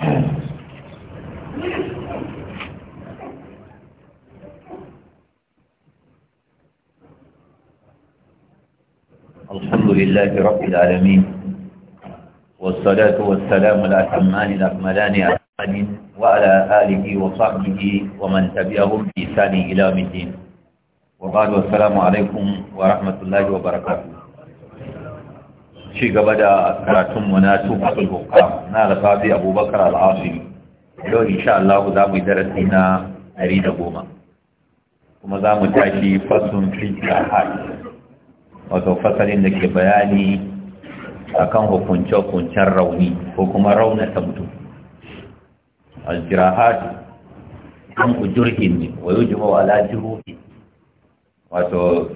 الحمد لله رب العالمين والصلاة والسلام الأتمان الأكملان أحمد وعلى آله وصحبه ومن تبعهم في ثاني إلى الدين وقال والسلام عليكم ورحمة الله وبركاته ci gaba da karatun mu na tufatul hukam na alfazi abubakar al'asim yau insha Allah za mu yi darasi na 110 kuma za mu tashi fasun fitar hajji wato fasalin da ke bayani kan hukunce-hukuncen rauni ko kuma raunata mutum aljirahat kan ku jirgin ne wayo jima ala jiruhi wato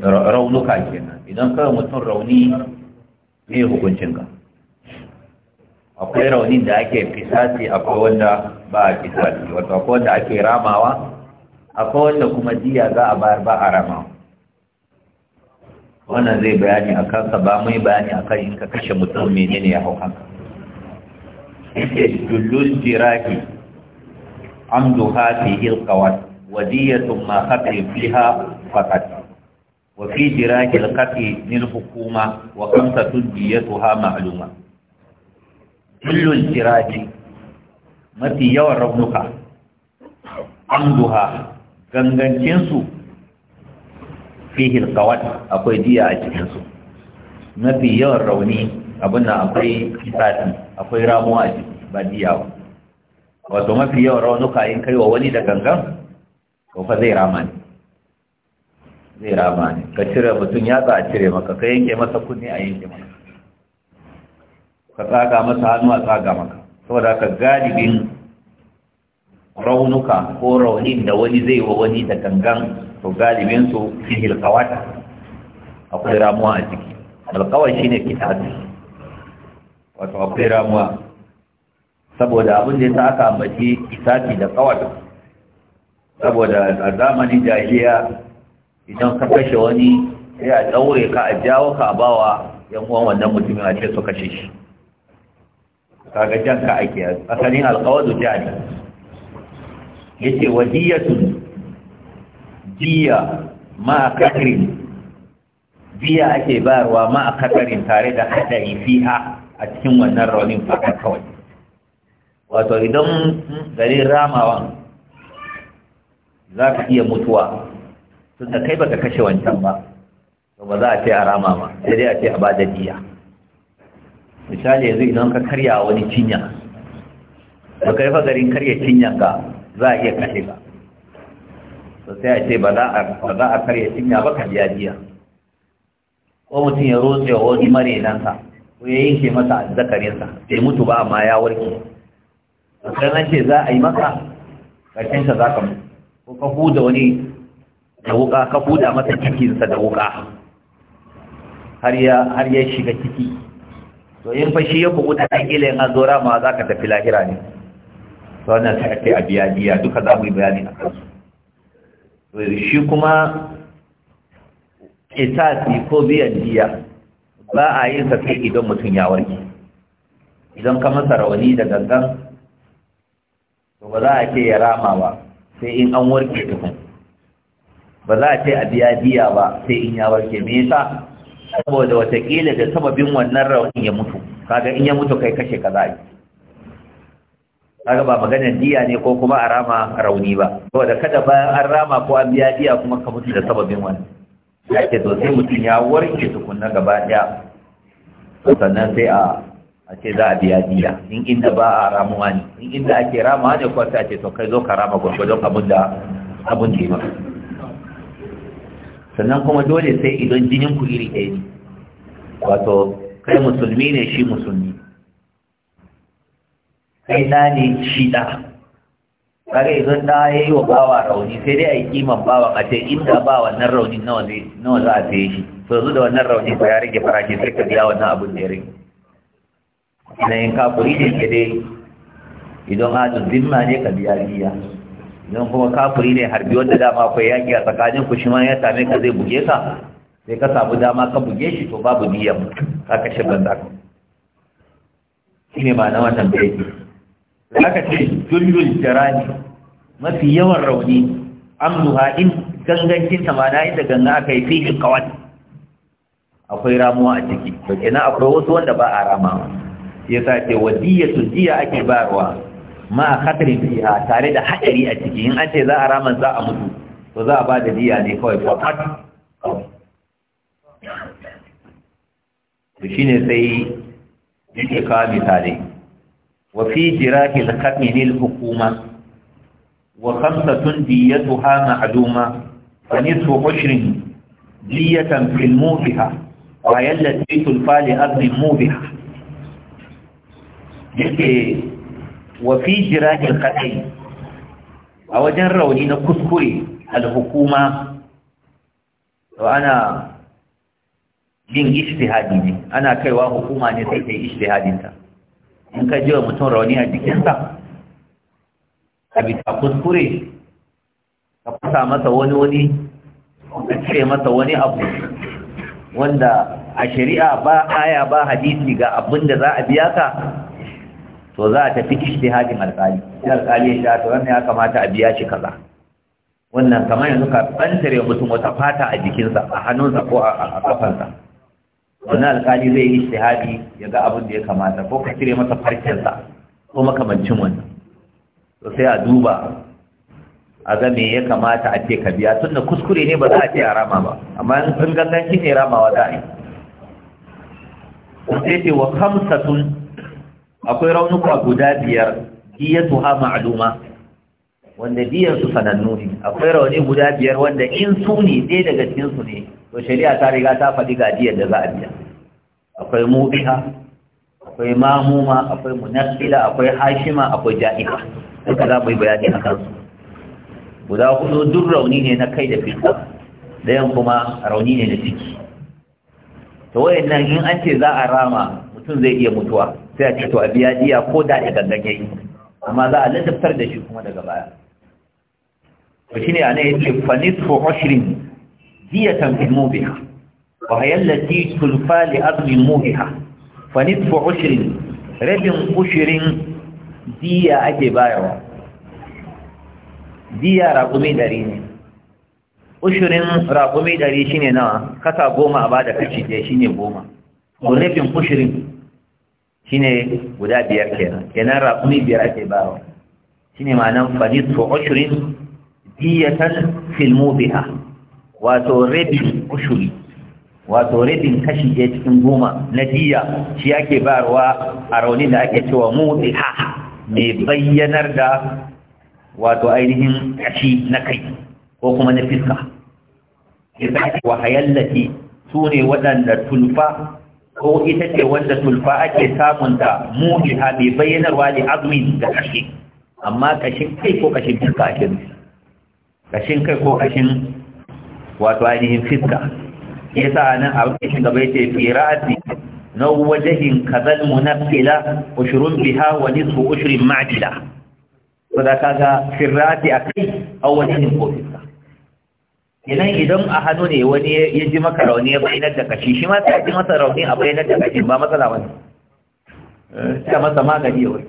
raunuka kenan idan kawai mutum rauni hukuncin hukuncinka akwai raunin da ake fisasi akwai wanda ba a fisasi wato akwai wanda ake ramawa akwai wanda kuma jiya za a bayar ba a ramawa wannan zai bayani a kansa ba mai bayani a kan in ka kashe mutum menene ya hau haka jullul jiraki amdu hafi ilkawat wadiyatun ma fi fiha fakat wa fi jira ki ka ki hukuma wa kan ka tun jiya ko ha ma mafi yawan raunuka an duha gangancin su akwai jiya a cikin mafi yawan rauni abun nan akwai kisati akwai ramuwa ba jiya ba wato mafi yawan raunuka in kaiwa wani da gangan ko fa zai rama ne zai rama ne ka cire mutum yatsa a cire maka ka yanke masa kunne a yanke maka ka tsaga masa hannu a tsaga maka saboda ka galibin raunuka ko raunin da wani zai wa wani da gangan to galibin su fihil kawata akwai ramuwa a ciki alkawar shi ne kitabi wato akwai ramuwa saboda abin da ya sa aka ambaci kitabi da kawata saboda a zamanin jahiliya idan ka kashe wani sai a daure ka a jawo ka bawa yan uwan wannan mutumin a ce su kashe shi kaga jan ka ake asalin alƙawadu jani yace wadiyatun diya ma kakarin Biya ake bayarwa ma a kakarin tare da hadari fiha a cikin wannan raunin faɗa kawai wato idan garin ramawan za ka iya mutuwa tun da kai baka kashe wancan ba to ba za a ce a rama ma sai dai a ce a ba da diya misali yanzu idan ka karya wani cinya ba kai fa garin karya cinya ka za a iya kashe ba. to sai a ce ba za a karya cinya ba ka biya diya ko mutum ya rotse wa wani marenansa ko ya yanke masa sa sai mutu ba amma ya warke a ce za a yi maka ƙarshen sa za ka mutu ko ka huda wani da wuka ka huda masa cikinsa da wuka har ya shiga ciki to in fa shi ya kubuta a ƙila yin azora ma za ka tafi lahira ne to wannan sai ake a biya biya duka za mu yi bayani a kansu shi kuma isasi ko biyan biya ba a yin sa sai idan mutum ya warke idan ka masa rawani da gangan to ba za a ke ya rama ba sai in an warke tukun ba za a ce a biya biya ba sai in ya warke me yasa saboda watakila da sababin wannan raunin ya mutu kaga in ya mutu kai kashe kaza yi kaga ba maganar diya ne ko kuma a rama rauni ba saboda kada bayan an rama ko an biya biya kuma ka mutu da sababin wannan ya ce to sai mutum ya warke tukunna gaba daya sannan sai a a ce za a biya biya. in inda ba a ramuwa ne in inda ake rama ne ko sai a ce to kai zo ka rama gwargwadon abin da abin da ya maka sannan kuma dole sai idan jinin ku iri ɗaya ne wato kai musulmi ne shi musulmi kai ɗa ne shi ɗa kare idan ɗa ya yi wa bawa rauni sai dai a yi kiman bawan a ce inda ba wannan rauni nawa za a saye shi so zu da wannan raunin ba ya rage farashi sai ka biya wannan abin da ya rage na yin kafuri ne ke dai idan adun zimma ne ka biya biya idan kuma kafiri ne harbi wanda dama akwai yaƙi a tsakanin ku shi ma ya same ka zai buge ka sai ka samu dama ka buge shi to babu niyya ka kashe banza ka shine ma na wannan da aka ce jullul jarani mafi yawan rauni amnuha in gangancin ta mana inda ganga aka yi fi kawai akwai ramuwa a ciki to kenan akwai wasu wanda ba a rama yasa ce wadiyatu diya ake bayarwa ma khatarin fiha tare da haɗari a ciki in an ce za a raman za a mutu to za a ba da diya ne kawai faqat to ne sai yake kawo misali wa fi jirahi al hukuma wa khamsatun diyatuha ma'luma fa nisfu ushrin diyatan fil mubiha wa yallati tulfa li ardin mubiha yake wa fi jirajil kadai a wajen rauni na kuskure alhukuma to ana yin ishtihadi ne ana kaiwa hukuma ne sai ta yi ta. in ka ji wa mutum rauni a jikinsa ka bi kuskure ka fasa masa wani wani ka cire masa wani abu wanda a shari'a ba aya ba hadisi ga abin da za a biya ka to za a tafi ijtihadin alƙali sai alƙali ya to wannan ya kamata a biya shi kaza wannan kamar yanzu ka bantare mutum wata fata a jikinsa a hannunsa ko a kafansa wannan alƙali zai yi ijtihadi ya ga abin da ya kamata ko ka cire masa farkensa ko makamancin wannan to sai a duba a ga me ya kamata a ce ka biya tunda kuskure ne ba za a ce a rama ba amma in shi ne ramawa za a yi. Sai ce wa kamsatun akwai raunuka guda biyar diyatu ha ma'aluma wanda diyar su sanannu ne akwai rauni guda biyar wanda in su ne ɗaya daga cikinsu su ne to shari'a ta riga ta faɗi ga diyar da za a biya akwai mubiha akwai mamuma akwai munafila akwai hashima akwai ja'iba duka za mu yi bayani a kansu guda hudu duk rauni ne na kai da fita ɗayan kuma rauni ne na ciki to wayannan in an ce za a rama mutum zai iya mutuwa sai a ce to a biya diya ko da a gangan yayi amma za a ladabtar da shi kuma daga baya to shine ana yace fa nisfu diya diyatan fi mubiha wa hiya allati tulfa li adli mubiha fa nisfu ushrin rabin ushrin diya ake bayarwa diya raƙumi ɗari ne ushirin raƙumi ɗari shi ne nawa kasa goma a bada kashi ɗaya shi ne goma rabin ushirin shine guda biyar kenan kenan raƙumi biyar ake bawa shine ma'anan fanisu ushirin diyatan filmu biha wato rabin ushuri wato rabin kashi ɗaya cikin goma na diya shi ake bayarwa a raunin da ake cewa mu ha? mai bayyanar da wato ainihin kashi na kai ko kuma na fiska. Isa wa hayallati su ne waɗanda tulfa ko ita ce wanda tulfa ake samunta mu'iha mai bayyanarwa da azmin da kashi amma kashin kai ko kashin fiska ake nufi kashin kai ko kashin wato ainihin fiska ya sa nan a kashin gaba ya ce firasi na wajahin kazal munafila ushurun biha wa nisfu ushurin ma'ajila. ko da kaga firasi a kai a wajahin ko fiska idan idan a hannu ne wani ya ji maka rauni ya bayyana da kashi shi ma sai ji masa rauni a bayyana da kashi ba matsala ne, sai eh, masa magani ya wani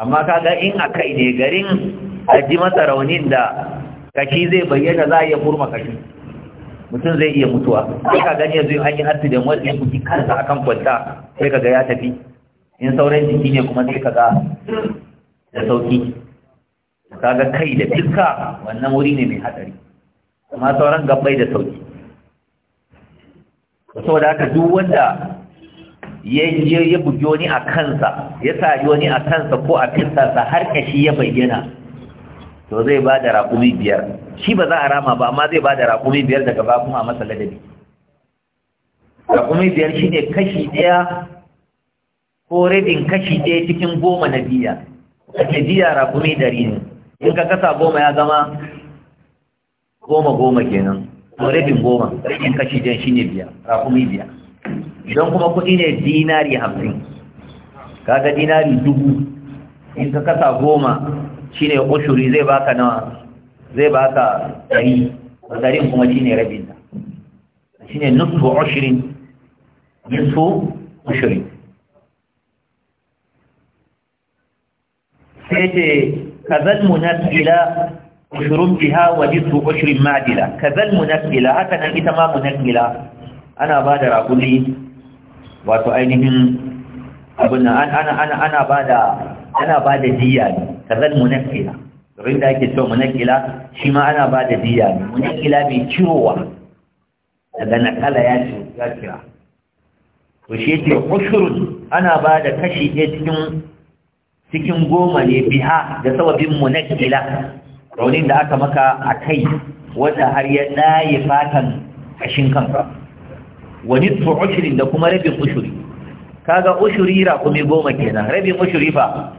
amma kaga in a kai ne garin a ji masa raunin da kashi zai bayyana za a iya furma kashi mutum zai iya mutuwa sai ka gani yanzu an yi da wani ya kuki kansa akan kwanta sai kaga ya tafi in sauran jiki ne kuma sai kaga da sauki kaga kai da duka wannan wuri ne mai hatsari amma sauran gabbai da sauki saboda haka duk wanda ya ya bugi wani a kansa ya saji wani a kansa ko a kansa har kashi ya bayyana to zai ba da raƙumi biyar shi ba za a rama ba amma zai ba da raƙumi biyar daga ba kuma a masa ladabi raƙumi biyar shi ne kashi ɗaya ko rabin kashi ɗaya cikin goma na biya ake biya raƙumi dari ne in ka kasa goma ya zama goma goma kenan kuma rabin goma rabin kashi jan shi ne biya rakumi biya don kuma kuɗi ne dinari hamsin kaga dinari dubu in ka kasa goma shine ushuri zai baka nawa zai baka ɗari ɗarin kuma shine rabin da shine nufu ushirin nufu ushirin sai ce kazan munasila ushrun biha wa nisfu ushrin madila kazal munakila haka nan ita ma munakila ana ba da rakuli wato ainihin abin ana ana ana ba da ana ba da diya ne kazal munakila domin da ake cewa munakila shi ma ana ba da diya ne munakila mai cirowa daga nakala ya ce ya kira to shi yake ushurun ana ba da kashi ɗaya cikin cikin goma ne biha da sababin munakila raunin da aka maka a kai wata har ya ɗaye fatan ƙashin kanka wani ushirin da kuma rabin ushuri kaga ushuri rakumi goma kenan rabin ushuri fa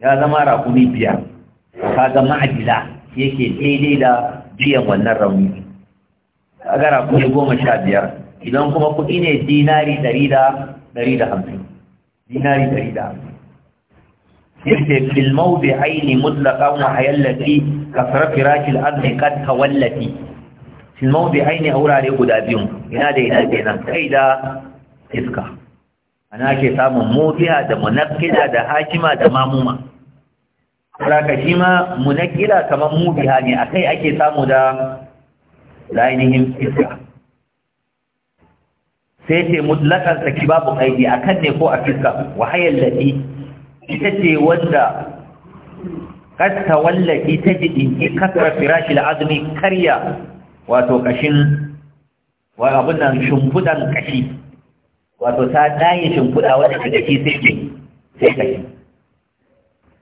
ya zama rakumi biyar kaga ma'adila yake daidai da biyan wannan rauni kaga rakumi goma sha biyar idan kuma kuɗi ne dinari ɗari da ɗari da hamsin dinari ɗari da hamsin yake fil mawdi aini mutlaqan wa hayallati kasra firashil azmi qad tawallati fil mawdi aini a wurare guda biyu ina da ina kenan kai da iska ana ke samun mutiya da munakkida da hakima da mamuma saboda shi ma munakkida kamar mutiya ne akai ake samu da ainihin iska sai ce mutlakan saki babu kaidi akan ne ko a fiska wahayar lati ita ce wadda kasta wallaki ta jiɗinki kasar firashi azumi karya wato kashin wa abin nan kashi wato ta ɗaye shimfuda wadda ta kashi sai ke sai kashi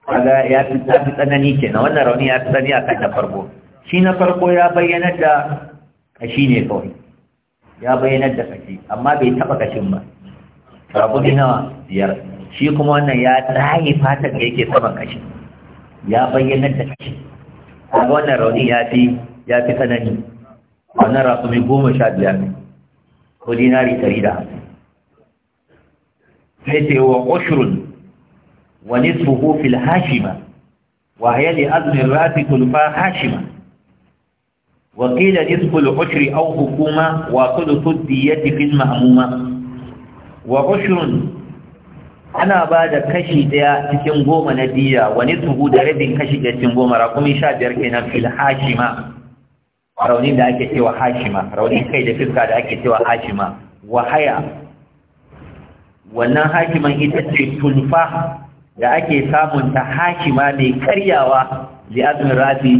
kaga ya fi tafi tsanani ke na wannan rauni ya fi tsanani a kan na farko shi na farko ya bayyana da kashi ne kawai ya bayyana da kashi amma bai taɓa kashin ba rabu nawa biyar shi kuma wannan ya tsaye fatan da yake saman kashi ya bayyana da kashin kuma wannan rauni ya fi ya fi tsanani wannan rasumi goma sha biyar ne ko dinari tari da hamsin sai ce wa ƙushirun wa nisfuhu fil hashima wa hiya li azmi rafi kulfa hashima wa qila nisfu al ushri aw hukuma wa thuluthu diyati fil ma'muma wa ushrun ana ba da kashi daya cikin goma na diya wani tuhu da rabin kashi daya cikin goma rakumi sha biyar kenan fil hashima raunin da ake cewa hashima raunin kai da fiska da ake cewa hashima wahaya wannan hashiman ita ce tulfa da ake samun ta hashima mai karyawa li'azmin rafi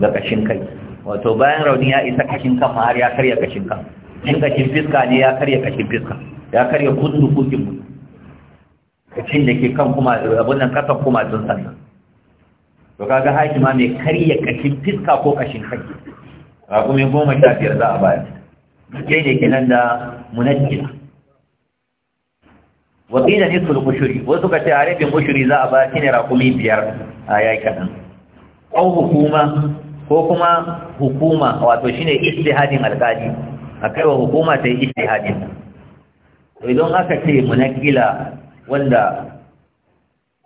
ga kashin kai wato bayan rauni ya isa kashin kan har ya karya kashin kan in kashin fiska ne ya karya kashin fiska ya karya kundu kukin mutum kacin da ke kan kuma abin nan kasan kuma tun sannan to kaga hakima mai karya kashin fiska ko kashin kai raƙumin goma sha biyar za a bayar ke ne ke nan da munajjila wakila ne sul kushuri wasu ka ce a rabin kushuri za a ba shi ne raƙumi biyar a yayi kaɗan ko hukuma ko kuma hukuma wato shine istihadin alƙali a kaiwa hukuma ta yi istihadin idan aka ce munakila wanda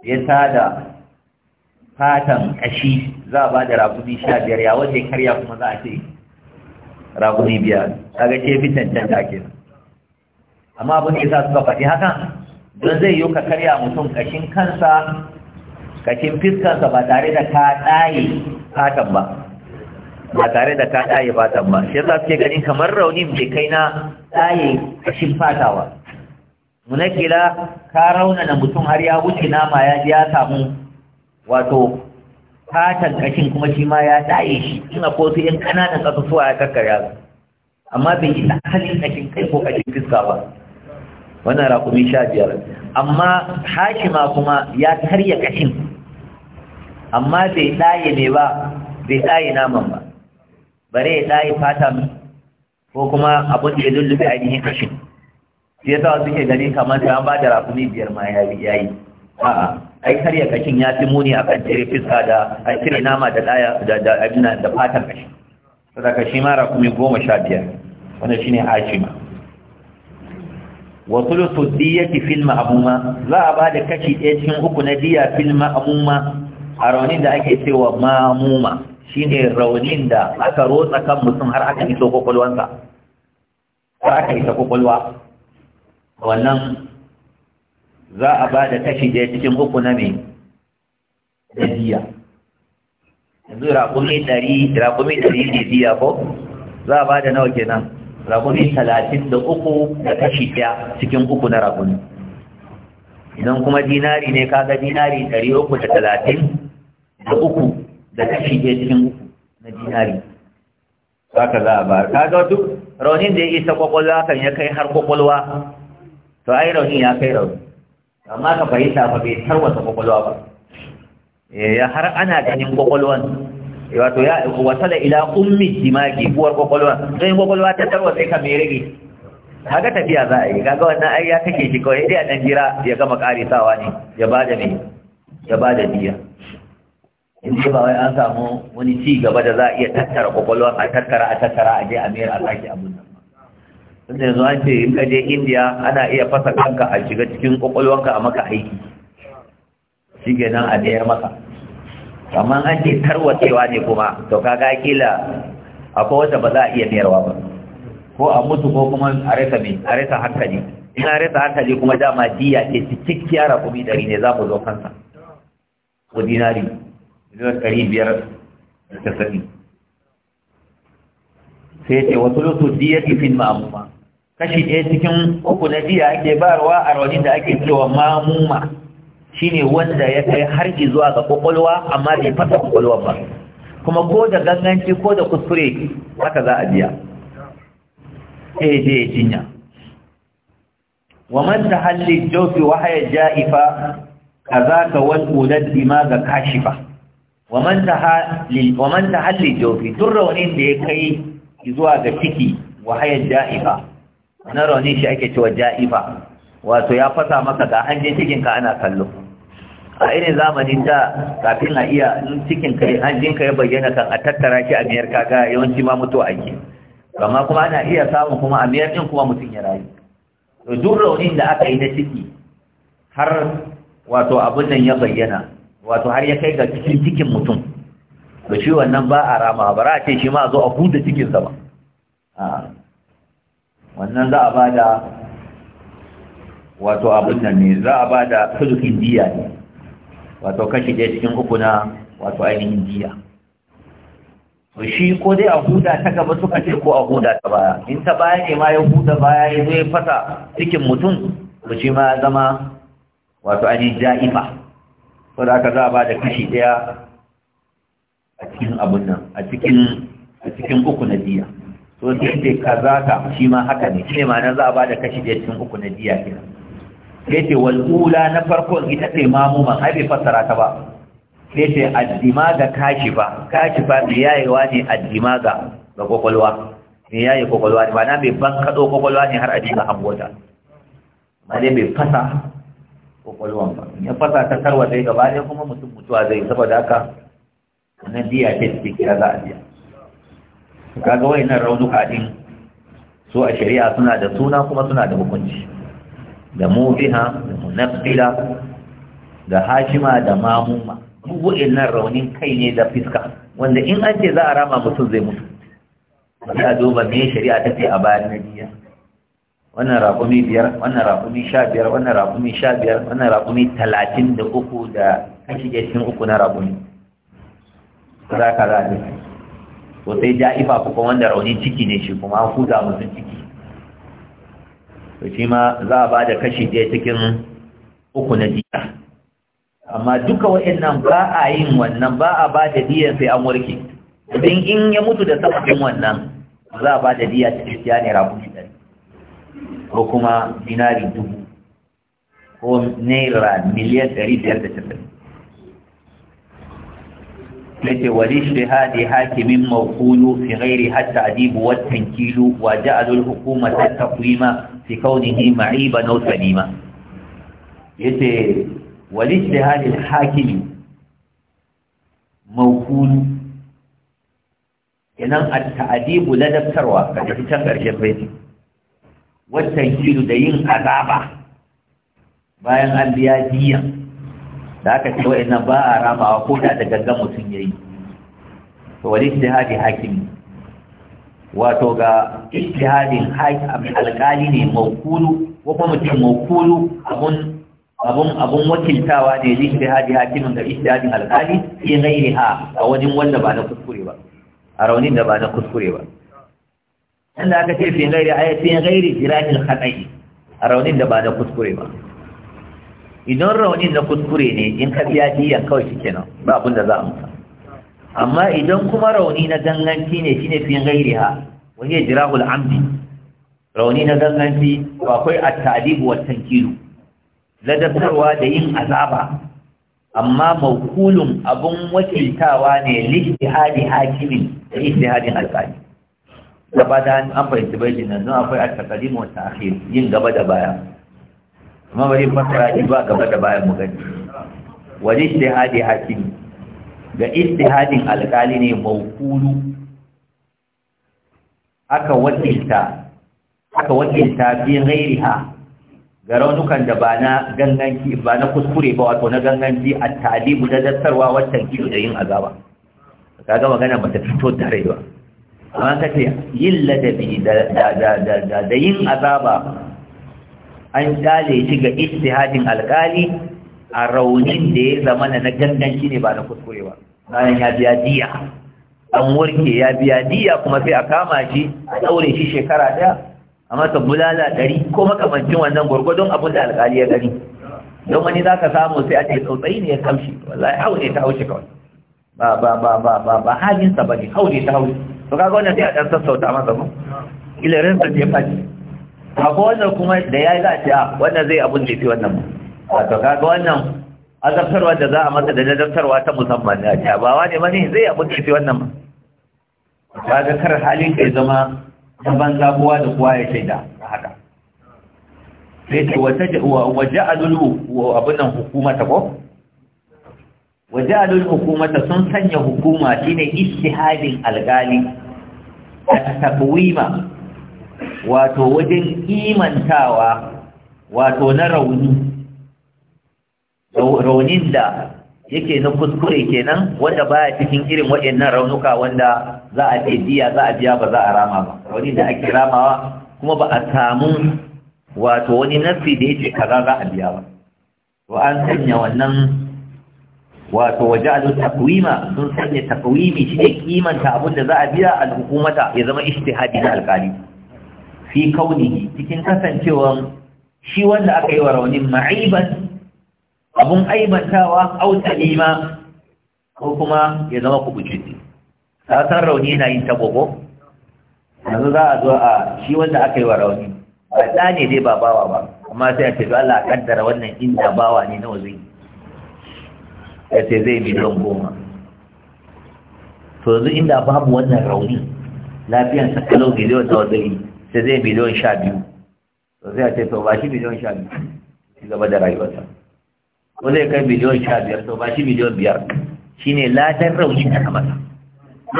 ya tada fatan kashi za a ba da raguni sha biyar ya wanda ya karya kuma za a ce raguni biyar kaga ce fi cancanta ke amma abin da sa suka faɗi haka don zai yi ka karya mutum kashin kansa kashin fiskansa ba tare da ka ɗaye fatan ba ba tare da ka ɗaye fatan ba shi yasa suke ganin kamar raunin bai kai na ɗaye kashin fatawa munakila ka rauna na mutum har ya wuce nama ya ya samu wato fatan kashin kuma shi ma ya daye shi ina ko su yan kananan kasusuwa ya kakkarya amma bai yi halin kashin kai ko kashin fiska ba wannan raƙumi sha biyar amma hashima kuma ya tarya kashin amma bai daye ne ba bai daye naman ba bare ya daye fata ko kuma abin da ya lullube ainihin kashin shi yasa suke ganin kamar sai an ba da rafuni biyar ma ya yi a'a ai karya kashin ya fi muni akan cire fiska da ai cire nama da daya da da abina da fatan kashi saboda shi ma rafuni goma sha biyar wannan shine hajima wa thuluthu diyati fil ma'muma za a ba da kashi ɗaya cikin uku na diya fil ma'muma a raunin da ake cewa ma'muma shine raunin da aka rotsa kan mutum har aka iso kokolwansa har aka isa kokolwa wannan za a ba da kashi da cikin uku na mai jiya. yanzu raƙumi ɗari raƙumi ɗari ne diya ko za a ba da nawa kenan raƙumi talatin da uku da kashi ɗaya cikin uku na raƙumi idan kuma dinari ne kaga dinari ɗari uku da talatin da uku da kashi ɗaya cikin uku na dinari za ka za a ba kaga duk raunin da ya isa kwakwalwa kan ya kai har kwakwalwa to ai rauni ya kai rauni amma ka fahimta fa bai tarwata kwakwalwa ba eh, ya har ana ganin kwakwalwan eh, wato ya wasala ila ummi dimagi buwar kwakwalwa sai kwakwalwa ta tarwa sai ka mai rage kaga tafiya za a yi kaga wannan ai ya take shi kawai dai a dan jira ya gama karisawa ne ya bada ne ya bada biya in ba wai an samu wani ci gaba da za a iya tattara kwakwalwa a tattara a tattara a je a mayar a sake abun nan tunda yanzu an ce in ka je indiya ana iya fasa kanka a shiga cikin kwakwalwanka a maka aiki shi ke nan a ɗaya maka amma an ce tarwacewa ne kuma to kaga kila akwai wata ba za a iya mayarwa ba ko a mutu ko kuma a rasa mai a rasa hankali in a rasa hankali kuma dama diya ce cikakkiya rakumi dari ne za mu zo kansa ko dinari miliyan ɗari biyar da tasani sai ce wasu lutu diya tifin ma'amuma kashi ɗaya cikin uku na jiya ake bayarwa a rauni da ake cewa mamuma shine wanda ya kai har zuwa ga kwakwalwa amma bai fasa kwakwalwa ba kuma ko da ganganci ko da kuskure haka za a biya sai je ya jinya wa ta halli Jofi wa haya ja'ifa kazaka ka ulad dimaga kashifa ga kashi ba wa ta halli Jofi tun raunin da ya kai zuwa ga ciki wa haya ja'ifa na rauni shi ake cewa ja'ifa wato ya fasa maka ga an je cikin ana kallo a irin zamanin da kafin na iya cikin ka an ya bayyana kan a tattara shi a miyar kaga yawanci ma a ake amma kuma ana iya samun kuma a miyar din kuma mutum ya rayu to duk raunin da aka yi na ciki har wato abun nan ya bayyana wato har ya kai ga cikin cikin mutum to shi wannan ba a rama ba ra ce shi ma a zo a buɗe cikin sa ba ah. wannan za a ba da wato abin nan ne za a ba da sulukin diya ne wato kashi ɗaya cikin uku na wato ainihin diya to shi ko dai a huda ta gaba suka ce ko a huda ta baya in ta baya ne ma ya huda baya ya zo ya fasa cikin mutum to shi ma ya zama wato ainihin ja'ifa ko da aka za a ba da kashi ɗaya a cikin abin nan a cikin uku na diya to sai ce kaza ka shi ma haka ne shi ne ma za a bada kashi da cikin uku na jiya kina sai wal ula na farko ita ce mamuman ai bai fassara ta ba sai ce addima ga kashifa kashifa mai yayewa ne addima ga ga kwakwalwa mai yaye kwakwalwa ne mana mai ban kad'o kwakwalwa ne har a jiga abuwata ma dai bai fasa kokolwa ba ya fasa ta tarwa zai gaba ɗaya kuma mutum mutuwa zai saboda haka wannan diya ce cikin kira za a biya kaga wayannan raunuka din su a shari'a suna da suna kuma suna da hukunci da mubiha da munafila da hashima da mamuma duk wayannan raunin kai ne da fiska wanda in an ce za a rama mutum zai mutu ba duba me shari'a ta ce a bayan nabiya wannan raƙumi biyar wannan raƙumi sha biyar wannan raƙumi sha biyar wannan raƙumi talatin da uku da kashi cikin uku na raƙumi za ka za a to sai ja'ifa kuma wanda rauni ciki ne shi kuma an huda musu ciki to shi ma za a ba kashi ɗaya cikin uku na diya amma duka wa'annan ba a yin wannan ba a ba da sai an warke idan in ya mutu da sabbin wannan za a ba da diya ta kristiya ne rabu shi ɗari ko kuma dinari dubu ko naira miliyan ɗari biyar da casa'in ليس ولاجتهاد حاكم موقول في غير التعذيب والتنكيل وجعل الحكومة التقويم في كونه معيبا أو سليما ليس ولاجتهاد الحاكم موقول kenan at-ta'dib ladabtarwa ka tafi can karshen baiti wannan kiru da yin azaba bayan an biya diya da aka ce wa'annan ba a wa ko da da gangan mutum ya yi to wani ijtihadi hakimi wato ga ijtihadin hakimi alƙali ne mawkulu ko kuma mutum mawkulu abun abun abun wakiltawa ne ijtihadi hakimin ga ijtihadin alƙali fi ha, a wani wanda ba na kuskure ba a raunin da ba na kuskure ba inda aka ce fi yi ayatin gairi jiragen haɗari, a raunin da ba na kuskure ba idan rauni na kuskure ne in ka biya diyan kawai shi kenan ba abin da za a musa amma idan kuma rauni na danganci ne shine fi gairi ha wani ya jira amdi rauni na danganci akwai at-ta'dib wa tankilu ladabtarwa da yin azaba amma maukulun abun wakiltawa ne lihadi hakimin da istihadin alƙali gaba da an fahimci bai nan don akwai at-taqdim wa ta'khir yin gaba da baya amma bari fasara shi ba gaba da bayan mu gani wani istihadi hakim ga istihadin alƙali ne mawkulu aka wakilta aka wakilta bi ghairiha ga raunukan da ba na ganganci ba na kuskure ba wato na ganganci a talibu da dattarwa wancan kiyo da yin azaba kaga magana ba ta fito da rai ba amma ka ce yin ladabi da yin azaba an kyale shi ga istihadin alkali a raunin da ya zama na ganganci ne ba na kuskurewa bayan ya biya diya an warke ya biya diya kuma sai a kama shi a daure shi shekara daya a masa bulala ɗari ko makamancin wannan gwargwadon abin da alkali ya gani don wani za ka samu sai a ce tsautsayi ne ya kamshi wallahi haure ta haushe kawai ba ba ba ba ba ba halinsa ba ne haure ta haushe to kaga wannan sai a ɗan sassauta masa mu ilarin sa ya faɗi akwai wannan kuma da ya yi za a ce a wannan zai abin jefi wannan wato kaga wannan azabtarwa da za a masa da ladabtarwa ta musamman na ce ba wani mani zai abin wannan ba Ba kaga kar halin kai zama ta banza kowa da kowa ya shaida a haka sai ce waje alulu abin nan hukumata ko waje alulu hukumata sun sanya hukuma shine ishihadin algali a takwima wato wajen kimantawa wato na rauni raunin da yake na kuskure kenan wanda baya cikin irin waɗannan raunuka wanda za a ce biya za a biya ba za a rama ba wani da ake ramawa kuma ba a samu wato wani nasi da yake kaza za a biya ba to an sanya wannan wato waje alu takwima sun sanya takwimi shi ne kimanta abin da za a biya al'hukumata ya zama ishtihadi na alƙali fi kaunihi cikin kasancewar shi wanda aka yi wa raunin ma'aibar abun aibantawa auta lima ko kuma ya zama kubucinci san rauni yana yin tagogo yanzu za a zo a shi wanda aka yi wa rauni ba ɗa ne dai ba bawa ba amma sai a ce Allah a kaddara wannan inda bawa ne nawa zai ya ce zai miliyan goma to yanzu inda babu wannan rauni lafiyansa kalau gizo nawa zai yi ta zai miliyon sha biyu to sai a ce to ba shi miliyon sha biyu shi gaba da rayuwarsa ko zai kai miliyon sha biyar to ba shi miliyon biyar Shi ne latar rauni da kamata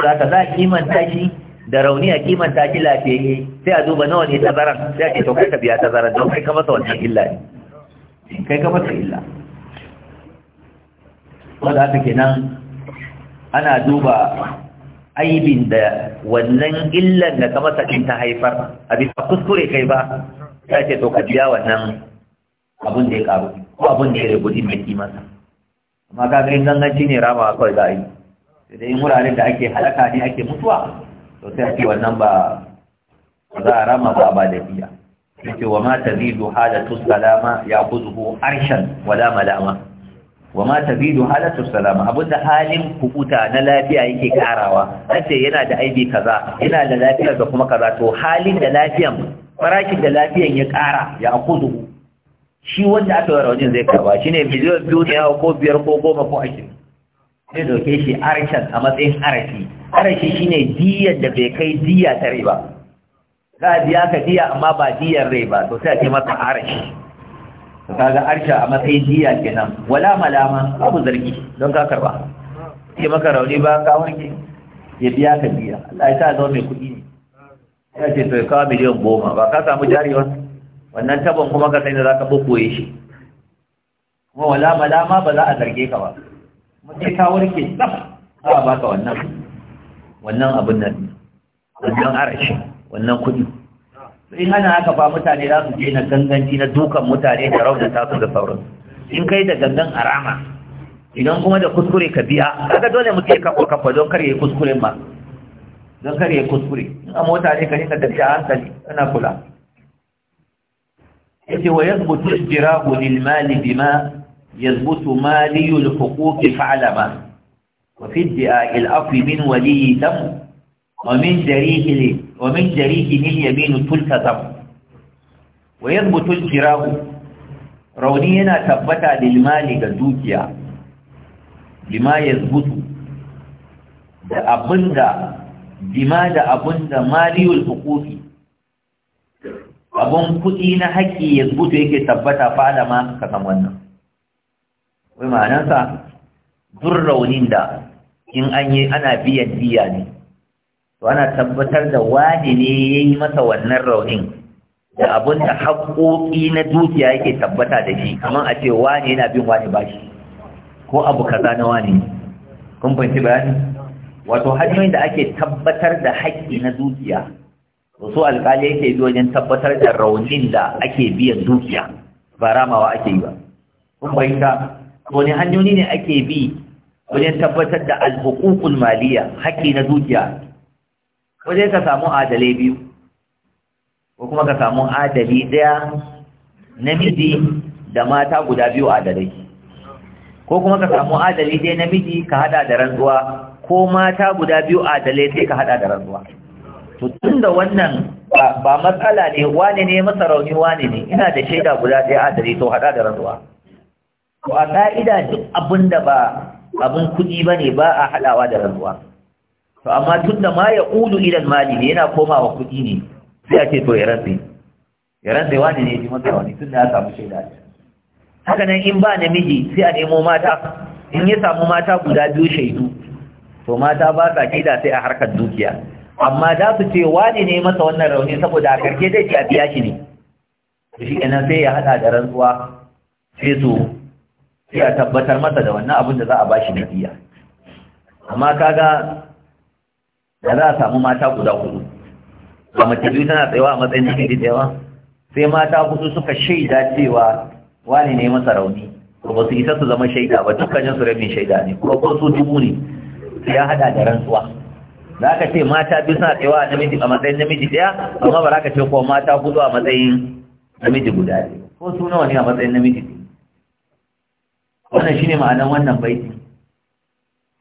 za ka za a kimanta shi da rauni a kimanta shi lafiyayye sai a duba nawa ne tazaran sai a ce to kai ka biya tazaran don kai ka masa wannan illa ne kai ka masa illa wanda haka kenan ana duba aibin da wannan illan da ka masa ɗin ta haifar a bisa kuskure kai ba ta ce to ka biya wannan abun da ya ƙaru ko abun da ya rabu ɗin da kimansa amma ka gani ganganci ne rama kawai za a yi da yin wuraren da ake halaka ne ake mutuwa to sai ake wannan ba za a rama ba ba da biya ce wa ma tazidu halatu salama ya kuzuhu arshan wala malama wa ma tabidu halatu salama abinda halin kubuta na lafiya yake karawa sai yana da aibi kaza yana da lafiya da kuma kaza to halin da lafiyan farashin da lafiyan ya kara ya akudu shi wanda aka wara wajen zai karba shine miliyan biyu ne ko biyar ko goma ko ashirin zai dauke shi arshan a matsayin arashi arashi shine diyar da bai kai diya ta riba za a biya ka diya amma ba diyar rai ba to sai a ce masa arashi kaga arsha a matsayin jiya kenan wala malama abu zargi don ka karba ke maka rauni ba ka warke ya biya ka biya Allah ya sa zama mai kuɗi ne ya ce to ya kawo miliyan goma ba ka samu jari ba wannan tabon kuma ka sai da za ka bubboye shi kuma wala malama ba za a zarge ka ba ce ka warke tsaf za a baka wannan wannan abun nan wannan arashi wannan kuɗi in hana haka fa mutane za su je na ganganci na dukan mutane da ta su da sauran in kai da gangan arama idan kuma da kuskure ka biya kaga dole mu ke kafa kafa don kar yayi kuskuren ma don kar yayi kuskure in a mota ne ka rinka tafiya hankali ana kula yace wa yathbutu ijtira'u lil mali bima yathbutu mali al huquq fa'ala ma wa fi idda'i al afi min wali dam wa min jarihi ومن جريه اليمين تلتزم ويضبط الجراه رونينا yana للمال da لما يضبط dukiya lima ya مالي الحقوق abinda bima abun kuɗi na haƙƙi ya zubuta yake tabbata fa'ala ma ka san wannan wai ma'anarsa duk raunin da in an yi ana biyan biya ne to ana tabbatar da wani ne ya yi masa wannan raunin da abun da haƙoƙi na dukiya yake tabbata da shi kamar a ce wani yana bin wani bashi ko abu kaza na wani kun fahimci bayani wato hanyoyin da ake tabbatar da haƙƙi na dukiya wasu alƙali yake yi wajen tabbatar da raunin da ake biyan dukiya ba ramawa ake yi ba kun fahimta wani hanyoyi ne ake bi wajen tabbatar da alhuququl maliya haƙƙi na dukiya ko ka samu adalai biyu ko kuma ka samu adali daya namiji da mata guda biyu adalai ko kuma ka samu adali daya namiji ka hada da rantsuwa ko mata guda biyu adalai sai ka hada da rantsuwa to tunda wannan ba matsala ne wane ne masa rauni wane ne ina da shaida guda daya adali to haɗa da rantsuwa to a ƙa'ida duk abin da ba abin kuɗi ba ne ba a haɗawa da rantsuwa to amma tunda ma ya ulu idan mali ne yana komawa kuɗi ne sai a ce to ya rantse ya rantse wani ne ji masa wani tunda ya samu shaida haka nan in ba namiji sai a nemo mata in ya samu mata guda biyu shaidu to mata ba sa shaida sai a harkar dukiya amma za su ce wani ne masa wannan rauni saboda a karke zai ci a biya shi ne shi kenan sai ya haɗa da rantsuwa sai su sai a tabbatar masa da wannan abin da za a bashi na biya amma kaga da za a samu mata guda hudu ba mace biyu tana tsayawa a matsayin take tsayawa sai mata hudu suka shaida cewa wani ne masa rauni ko ba su isa su zama shaida ba dukkanin su rabin shaida ne ko ko su dubu ne ya hada da rantsuwa za ka ce mata biyu suna tsayawa a namiji a matsayin namiji daya amma ba za ka ce ko mata hudu a matsayin namiji guda ne ko su nawa ne a matsayin namiji wannan shine ma'anar wannan baiti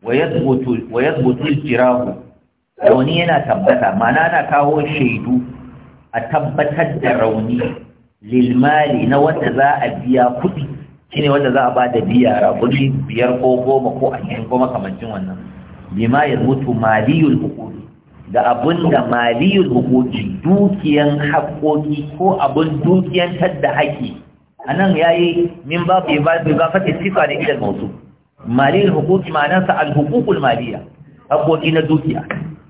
wa yathbutu wa yathbutu jirahu rauni yana tabbata mana na kawo shaidu a tabbatar da rauni lilmali na wanda za a biya kuɗi shine wanda za a ba da biya raƙuni biyar ko goma ko ashirin ko makamancin wannan bima ya mutu maliyul hukuki da abun da maliyul hukuki dukiyan haƙoƙi ko abun dukiyan tadda haƙi a nan ya yi min ba fi ba fi gafata sifa da idan mausu maliyul hukuki ma'anarsa al-hukukul maliya haƙoƙi na dukiya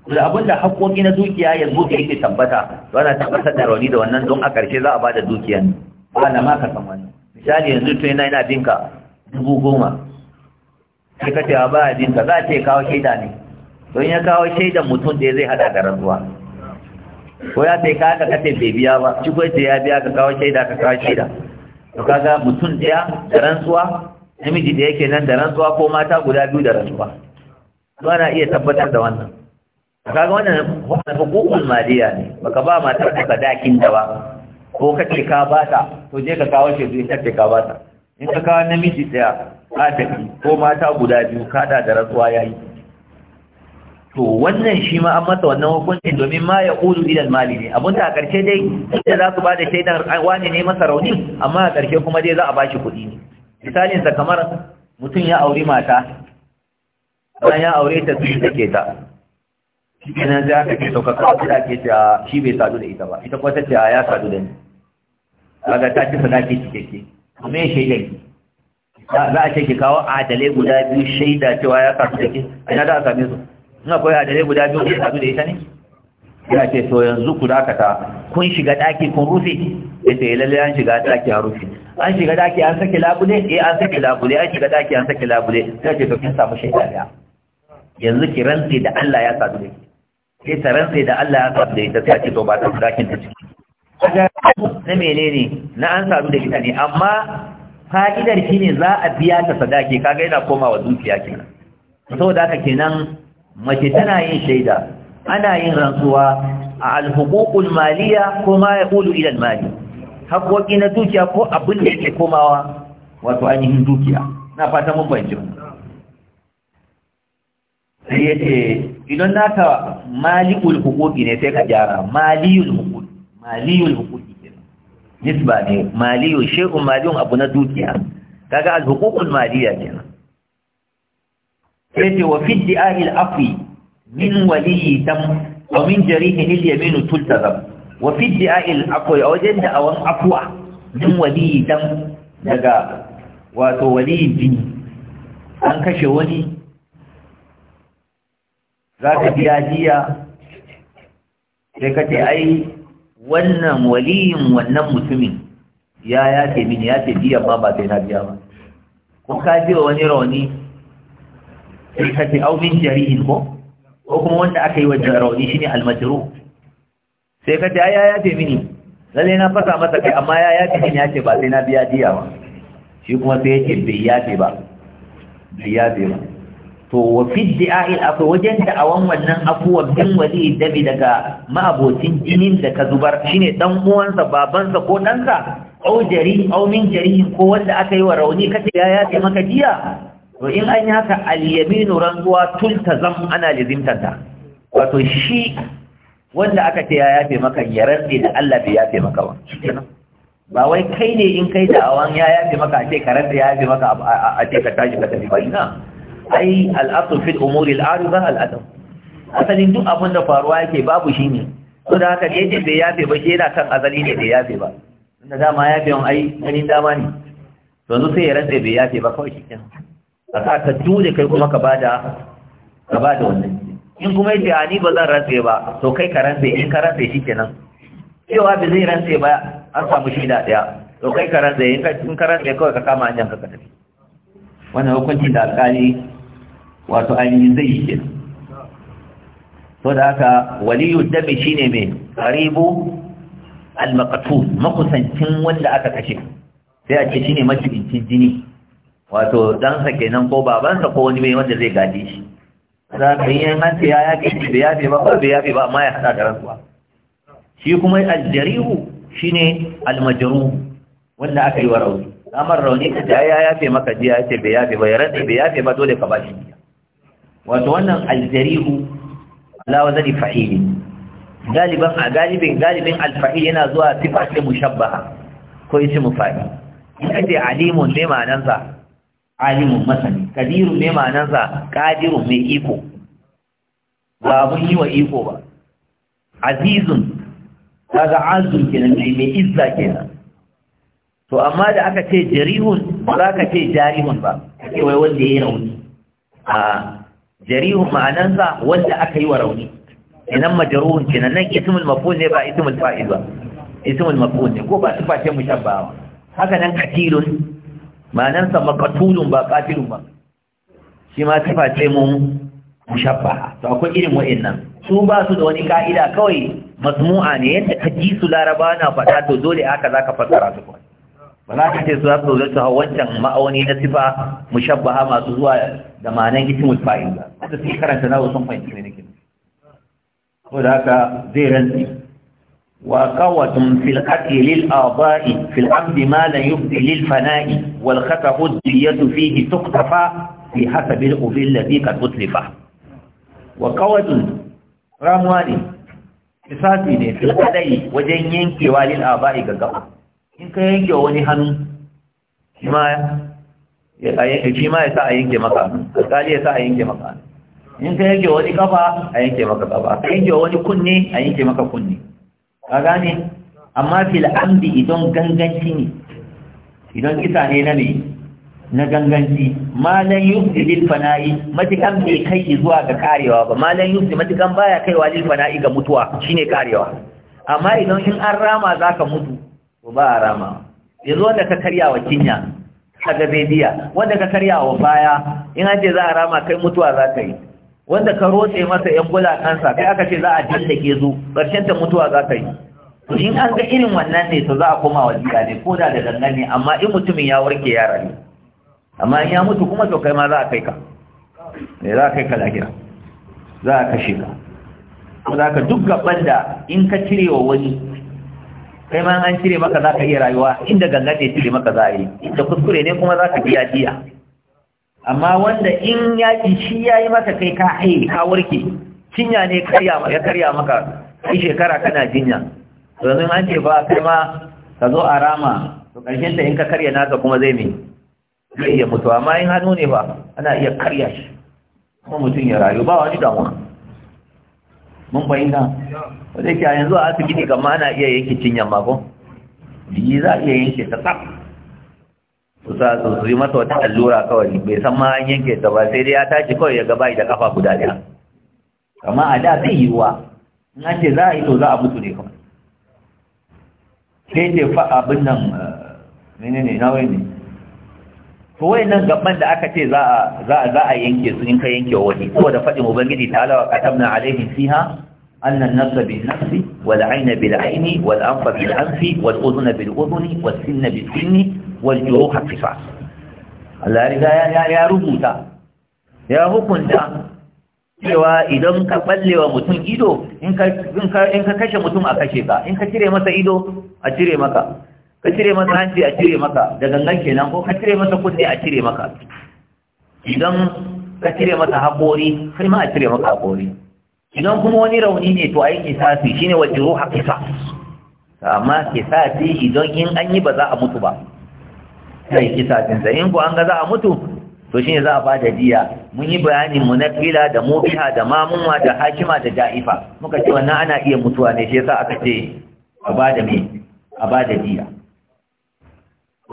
da abin da haƙoƙi na dukiya ya zo yake tabbata to ana tabbatar da rauni da wannan don a ƙarshe za a ba da dukiya ne ba na maka san wani misali yanzu to yana yana binka dubu goma sai ka ce ba a binka za a ce kawo shaida ne don ya kawo shaidan mutum da zai haɗa da rantsuwa ko ya sai ka ka kace bai biya ba shi ko ya biya ka kawo shaida ka kawo shaida to kaga mutum ɗaya da rantsuwa namiji da yake nan da rantsuwa ko mata guda biyu da rantsuwa to ana iya tabbatar da wannan kaga wannan hukukul maliya ne baka ba matar ka sadakin da ba ko kace ka bata to je ka kawo shi ita ce ka bata in ka kawo namiji daya ka tafi ko mata guda biyu ka da rasuwa yayi to wannan shi ma an masa wannan hukunci domin ma ya kudu idan mali ne ta a karshe dai da za su ba da shaidan wani ne masa rauni amma a karshe kuma dai za a ba shi kuɗi ne misalinsa kamar mutum ya auri mata bayan ya aure ta su take ta kenan da ka ke sauka ka da ke ta shi bai sadu da ita ba ita kuma ta ce ya sadu da ni kaga ta ci sadaki cikakke me shaidan ki za a ce ki kawo adalai guda biyu shaida cewa ya sadu da ki a ina da a same su in akwai adalai guda biyu ke sadu da ita ne ya ce to yanzu ku dakata kun shiga daki kun rufe ya ce eh, lalle an shiga daki an rufe an shiga daki an sake labule eh an sake labule an shiga daki an sake labule sai ce to kin samu shaida ya yanzu ki rantse da Allah ya sadu da ki sai ta rantse da Allah ya sabu da ita sai ce to ba ta sadakin ta ciki na menene na an sadu da ita ne amma fa'idar shi ne za a biya ta sadaki kaga yana komawa zuciya kina saboda haka kenan mace tana yin shaida ana yin rantsuwa a alhuququl maliya ko ma yaqulu ila mali, haƙoƙi na dukiya ko abin da yake komawa wato ainihin dukiya na fata mun bayyana sai yace idan naka mali'ul hukuki ne sai ka gyara maliyul hukuki maliyul hukuki kenan nisba ne Maliyu shay'un maliyun abu na dukiya kaga al huququl maliya kenan sai ce wa fi di'a'il afi min waliyi tam wa min jarihin il yaminu tultazab wa fi di'a'il afi a wajen da awan afwa min waliyi tam daga wato waliyin jini an kashe wani za ka biya jiya sai ka ce ai wannan waliyin wannan mutumin ya ya ce mini ya ce jiya ma ba sai na biya ba ko ka ji wani rauni sai ka ce au min jarihin ko ko kuma wanda aka yi wa rauni shine almajru sai ka ce ai ya ce mini lalle na fasa masa kai amma ya ya ce mini ya ce ba sai na biya jiya ba shi kuma sai ya ce bai ya ce ba bai ya ce ba to wa fi da'il akwai wajen da'awan wannan afuwan bin wali dabi daga ma'abocin jinin da ka zubar shine dan uwansa babansa ko ɗansa au jari au min jarihin ko wanda aka yi wa rauni kace ya yafe maka jiya to in an yi haka al-yaminu ranzuwa zam ana lizimtanta wato shi wanda aka ce ya yafe maka ya rantse da Allah bai yafe maka ba ba wai kai ne in kai da awan ya yafe maka a ce ka rantse ya yafe maka a ce ka tashi ka tafi ba ina ai al'asul fil umuri al'arida al'adam asalin duk abin da faruwa yake babu shi ne to da haka dai bai yafe ba shi yana kan azali ne bai yafe ba inda dama yafe on ai ganin dama ne To yanzu sai ya rantse bai yafe ba kawai shi kenan a sa ka dole kai kuma ka bada ka bada wannan in kuma yace a ni ba zan rantse ba to kai ka rantse in ka rantse shi kenan cewa bai zai rantse ba an samu shi da daya to kai ka rantse in ka rantse kawai ka kama hanyar ka tafi wannan hukuncin da alkali wato ainihin zai yi kenan to da haka waliyu dami ne mai karibu al-maqtul makusancin wanda aka kashe sai a ce shine majibincin jini wato ɗansa sa kenan ko babansa ko wani mai wanda zai gaji shi za ka yi an ya yaƙi bai yafe ba ba bai yafe ba amma ya haɗa da rantsuwa shi kuma aljarihu shine almajaru wanda aka yi wa rauni amar rauni ka ta ya yafe maka jiya ya ce bai yafe ba ya rantsa bai yafe ba dole ka ba shi biya wato wannan aljarihu ala zani fa'ili galiban a galibin galibin alfa'il yana zuwa sifa ce mushabbaha ko mu fa'il in ce alimun ne ma'anansa alimun masani kadirun ne ma'anansa Kadiru mai iko ba abun yi wa iko ba azizun kaga azun kenan mai izza kenan to amma da aka ce jarihun ba za ka ce jarihun ba ka ce wai wanda ya yi rauni a jarihu ma'anansa wanda aka yi wa rauni idan majruhun kenan nan ismul maf'ul ne ba ismul fa'il ba ismul maf'ul ne ko ba sifa ce mushabbaha haka nan katilun ma'anansa maqtulun ba qatilun ba shi ma sifa ce mu mushabbaha to akwai irin wa'annan su ba su da wani ka'ida kawai masmu'a ne yadda ka ji su laraba na faɗa to dole haka zaka fassara su kawai ba za ka ce su za su zo hau wancan ma'auni na sifa mushabbaha masu zuwa da ma'anan ismul fa'il ba wanda suke karanta na sun fahimci ne nake ko da haka zai rantsi wa qawatun fil aqli lil a'dha'i fil amd ma la yubdi lil fana'i wal khatahu diyatu fihi tuqtafa fi hasabi al ubil ladhi qad utlifa wa qawatun ramwani isati ne fil adai wajen yankewa lil a'dha'i gaggawa in ka yanke wani hannu shi ma ya sa a yanke maka alkali ya sa a yanke maka in ka yanke wani kafa a yanke maka kafa ka yanke wani kunne a yanke maka kunne ka gane amma fil amdi idan ganganci ne idan kisa ne na ne na ganganci malan yusri lil fana'i matikan bai kai zuwa ga karewa ba malan yusri matikan baya kaiwa lil fana'i ga mutuwa shine karewa amma idan in an rama zaka mutu ko ba a rama yanzu wanda ka karya wa kinya ka ga bediya wanda ka karya wa baya in an ce za a rama kai mutuwa za ka yi wanda ka rotse masa yan gula kansa kai aka ce za a jallake zu ƙarshen ta mutuwa za ka yi to in an ga irin wannan ne to za a koma wa jiya ne ko da da dangan ne amma in mutumin ya warke ya rayu amma in ya mutu kuma to kai ma za a kai ka ne za a kai ka lahira za a kashe ka ko za ka duk gaban da in ka cire wa wani kai ma an cire maka za ka iya rayuwa inda gangan ne cire maka za a yi da kuskure ne kuma za ka biya jiya. amma wanda in ya ci shi ya yi maka kai ka haye ka warke cinya ne ya karya maka kai shekara kana jinya domin an ce ba kai ma ka zo a rama to ƙarshen ta in ka karya naka kuma zai mai zai iya mutuwa amma in hannu ne ba ana iya karya shi kuma mutum ya rayu ba wani damuwa mun fahimta. wanda yake a yanzu a asibiti kama ana iya yanke cinyar ko? biyi za a iya yanke ta tsaf su sa su yi masa wata allura kawai bai san ma an yanke ta ba sai dai ya tashi kawai ya gaba da kafa guda ɗaya kama a da zai yiwuwa in an ce za a yi to za a mutu ne kawai sai ce fa abin nan eh, menene nawa ne to wayannan gaban da aka ce za a za a za a yanke su in ka yanke wani ko saboda fadin ubangiji ta'ala wa katabna alaihim fiha Annan an-nafsa bin-nafsi wal-'ayna bil-'ayni wal-anfa bil-anfi wal-udhuna bil-udhuni was-sinna bis-sinni wal-juruha qisas Allah riga ya ya rubuta ya hukunta cewa idan ka balle wa mutum ido in ka kashe mutum a kashe ka in ka cire masa ido a cire maka ka cire masa hanci a cire maka da gangan kenan ko ka cire masa kunne a cire maka idan ka cire masa haƙori kai ma a cire maka haƙori idan kuma wani rauni ne to a yi kisafi shine wa jiru kisa. amma kisafi idan in an yi ba za a mutu ba sai kisasin sa in ko an ga za a mutu to shine za a ba da diya mun yi bayanin munafila da mubiha da mamunwa da hakima da da'ifa muka ce wannan ana iya mutuwa ne shi yasa aka ce a ba da me a ba da diya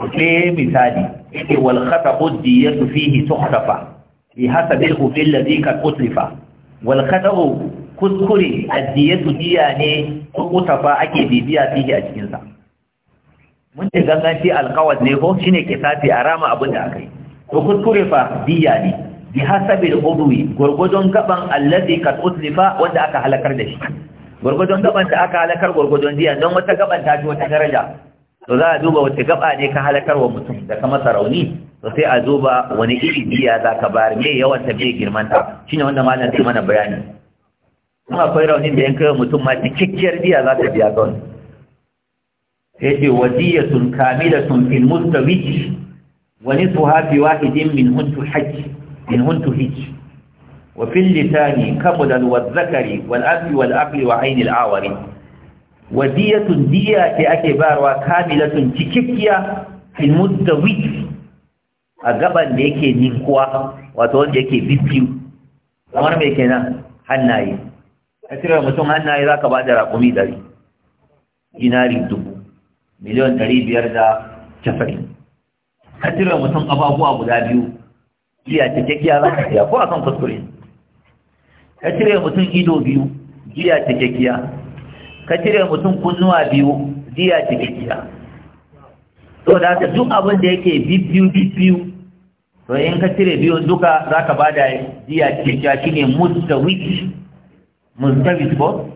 sai misali yake wal khata'u diyatu fihi tuhtafa bi hasabi al-ubil ladhi kad utlifa wal khata'u kuskure addiyatu diya ne tuhtafa ake bibiya fihi a cikinsa. mun ce ganganci alqawad ne ko shine kisasi a rama abin da akai to kuskure fa diya ne bi hasabi al-udwi gwargwadon gaban alladhi kad utlifa wanda aka halakar da shi Gwargwadon gaban da aka halakar gwargwadon diya don wata gaban ta fi wata daraja to za a duba wace gaba ne ka wa mutum da kama sarauni rauni to sai a duba wani iri biya za ka bayar me yawan ta me girman ta shine wanda malam sai mana bayani kuma akwai raunin da yan kai mutum ma cikakkiyar biya za ta biya ga wani sai ce wasiyatun kamilatun fil mustawij wani su hafi wahidin min huntu hajj min huntu hajj وفي اللسان كبدا والذكر والأب والأقل وعين العاور wadiyatun diya ce ake bayarwa kamilatun cikikkiya fil muddawi a gaban da yake ninkuwa wato wanda yake bibbiyu kamar mai kenan hannaye a cire mutum hannaye za ka ba da raƙumi ɗari dinari dubu miliyan ɗari biyar da casa'in a cire mutum ababuwa guda biyu jiya cikakkiya za ka siya ko a kan kuskure a cire mutum ido biyu jiya cikakkiya ka cire mutum kunnuwa biyu diya jiya to da haka duk abin da yake bibbiyu bibbiyu to in ka cire biyun duka za ka ba da jiya shi ne mustawit mustawit ko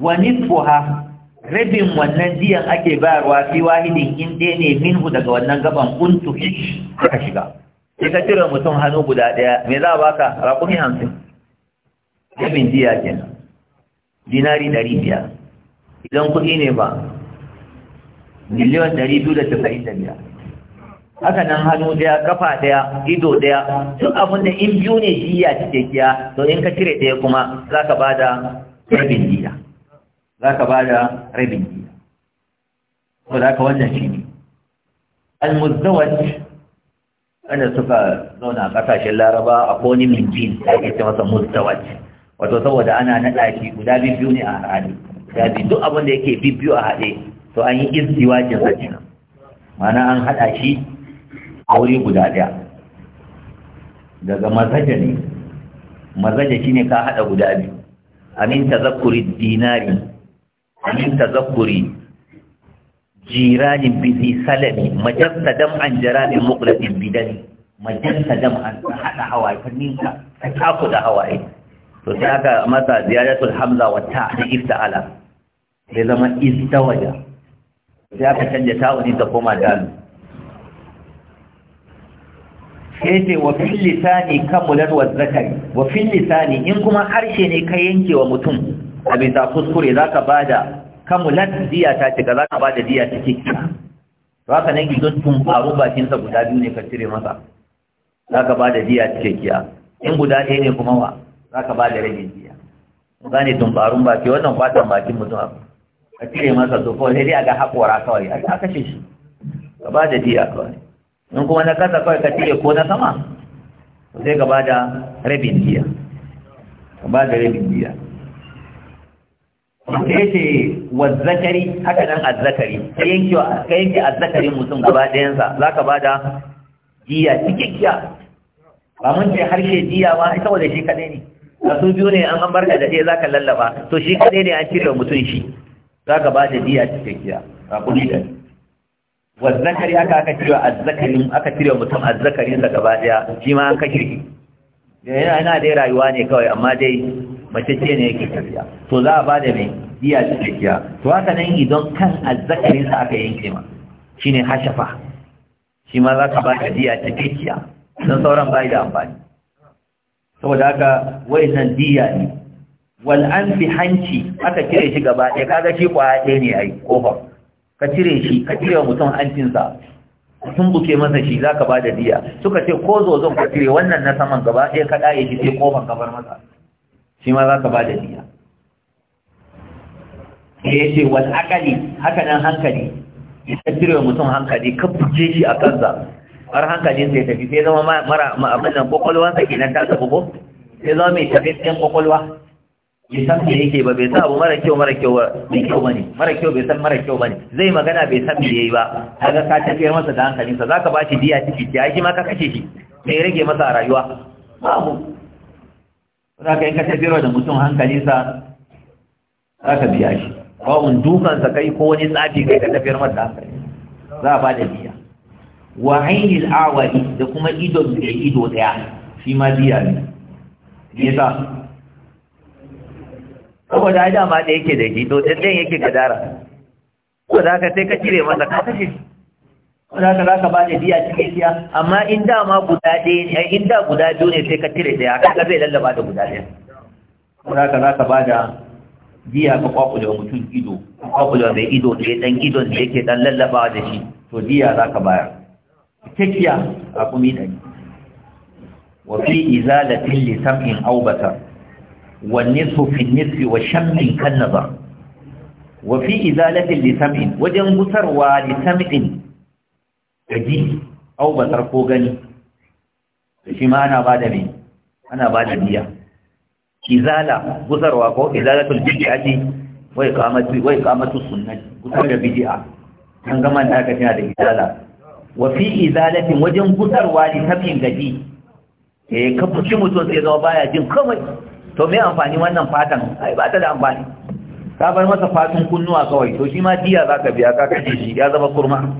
Wani fuha rabin wannan diyan ake bayarwa fi wahidin in ɗaya ne minhu daga wannan gaban kuntu ka shiga sai ka cire mutum hannu guda ɗaya me za a baka rakumi hamsin rabin diya kenan dinari ɗari biyar idan kuɗi ne ba miliyan ɗari biyu da tasa'in da biyar haka nan hannu ɗaya kafa ɗaya ido ɗaya duk abin da in biyu ne jiya cike kiya to in ka cire ɗaya kuma za ka ba da rabin jiya za ka ba da rabin jiya ko za ka wannan shi ne almuzawaj wanda suka zauna a ƙasashen laraba a koni mintin da ake ce masa muzawaj wato saboda ana naɗa shi guda biyu ne a haɗe Da biyu duk abin da yake biyu a haɗe to an yi izdiwajin sa kenan Mana an haɗa shi a wuri guda ɗaya daga mazaja ne mazaja ne ka haɗa guda biyu amin zakuri dinari amin zakuri jiranin bizi salami majasta an jaramin muqlatin bidani majasta dam an haɗa hawaye ka ninka ka kafu da hawaye to sai aka masa ziyaratul hamza wa ta da ifta'ala sai zama istawaja sai aka canja ta'uni ta koma dalu sai ce wa fil lisani kamulan wa zakari wa fil lisani in kuma harshe ne ka yanke wa mutum a bisa kuskure za ka zaka bada kamulan diya ta cika ba da diya ta cika to haka ne gizo tun faru bakin sa guda biyu ne ka cire masa ba da diya ta cika in guda ɗaya ne kuma wa za ka ba da rabin jiya gane dumbarun baki wannan fatan bakin mutum abu a cire masa su kawai sai dai a ga haƙora kawai a kashe shi ka ba da jiya kawai in kuma na kasa kawai ka cire ko na sama sai ka ba da rabin jiya ka ba da rabin jiya da ya ce zakari haka nan azzakari ka yanki azzakari mutum gaba ɗayansa za ka ba da jiya cikakkiya ba mun ce harshe jiya ba ita wadda shi kaɗai ne a su biyu ne an an barka da ɗaya za ka lallaba to shi kaɗai ne an cire mutum shi za ka ba da diya cikakkiya a kuɗi da wa zakari aka aka cire azzakari aka cire mutum azzakarin daga ba ɗaya shi ma an kashe shi eh, yana yana dai rayuwa ne kawai amma dai mace ce ne yake tafiya to za a ba da mai diya cikakkiya to haka nan idan kan azzakarin sa aka yanke ma shine hashafa shi ma za ka ba da diya cikakkiya don sauran bai da amfani saboda haka wayannan diya ne wal fi hanci aka cire shi gaba ɗaya kaga shi kwaya ɗaya ne ai kofa ka cire shi ka cire wa mutum hancinsa sun buke masa shi za ka ba da diya suka ce ko zo zon ka cire wannan na saman gaba ɗaya ka ɗaya shi sai kofan ka bar masa shi ma za ka ba da diya ka yi ce wani akali haka nan hankali ka cire wa mutum hankali ka buke shi a kansa har hankalin sai tafi sai zama mara abin nan kwakwalwansa nan ta tafi ko sai zama mai tafi cikin kwakwalwa ya san me yake ba bai san abu mara kyau mara kyau mai kyau ne mara kyau bai san mara kyau ba ne. zai magana bai san me yayi ba kaga ka tafiyar masa da hankalinsa zaka ba shi diya ciki ya shi ma ka kashe shi mai rage masa a rayuwa babu za ka yi ka tafi da mutum hankalinsa za ka biya shi dukan dukansa kai ko wani tsafi kai ka tafiyar masa hankali za a ba da biya wa ainil awai da kuma ido da ido daya shi ma biya ne me yasa saboda da ma da yake da shi da dan yake gadara ko da ka sai ka cire masa ka kashe ko za ka za ba da biya cikin siya amma in dama guda ɗaya in da guda biyu ne sai ka cire ka ga zai lallaba da guda ɗaya za ka za ka ba da biya ka kwakwale mutum ido kwakwale wa mai ido ɗaya ɗan gidon da yake ɗan lallabawa da shi to biya za ka bayar takiya a kumi ɗari wa fi izalatin li sam'in aw basar wa nisfu fi nisfi wa shammin kan nazar wa fi izalatin li sam'in wajen gutarwa li sam'in gaji aw basar ko gani shi ma ana bada me ana bada biya izala Gusarwa ko izalatul bid'ati wa iqamatu wa iqamatu sunnah gutar da bid'a an gama da aka tana da izala wa fi izalatin wajen gusarwa da tamin gaji eh ka fushi mutum sai zama baya jin komai to me amfani wannan fatan ai ba ta da amfani ka bar masa fatan kunnuwa kawai to shi ma diya zaka biya ka kace shi ya zama kurma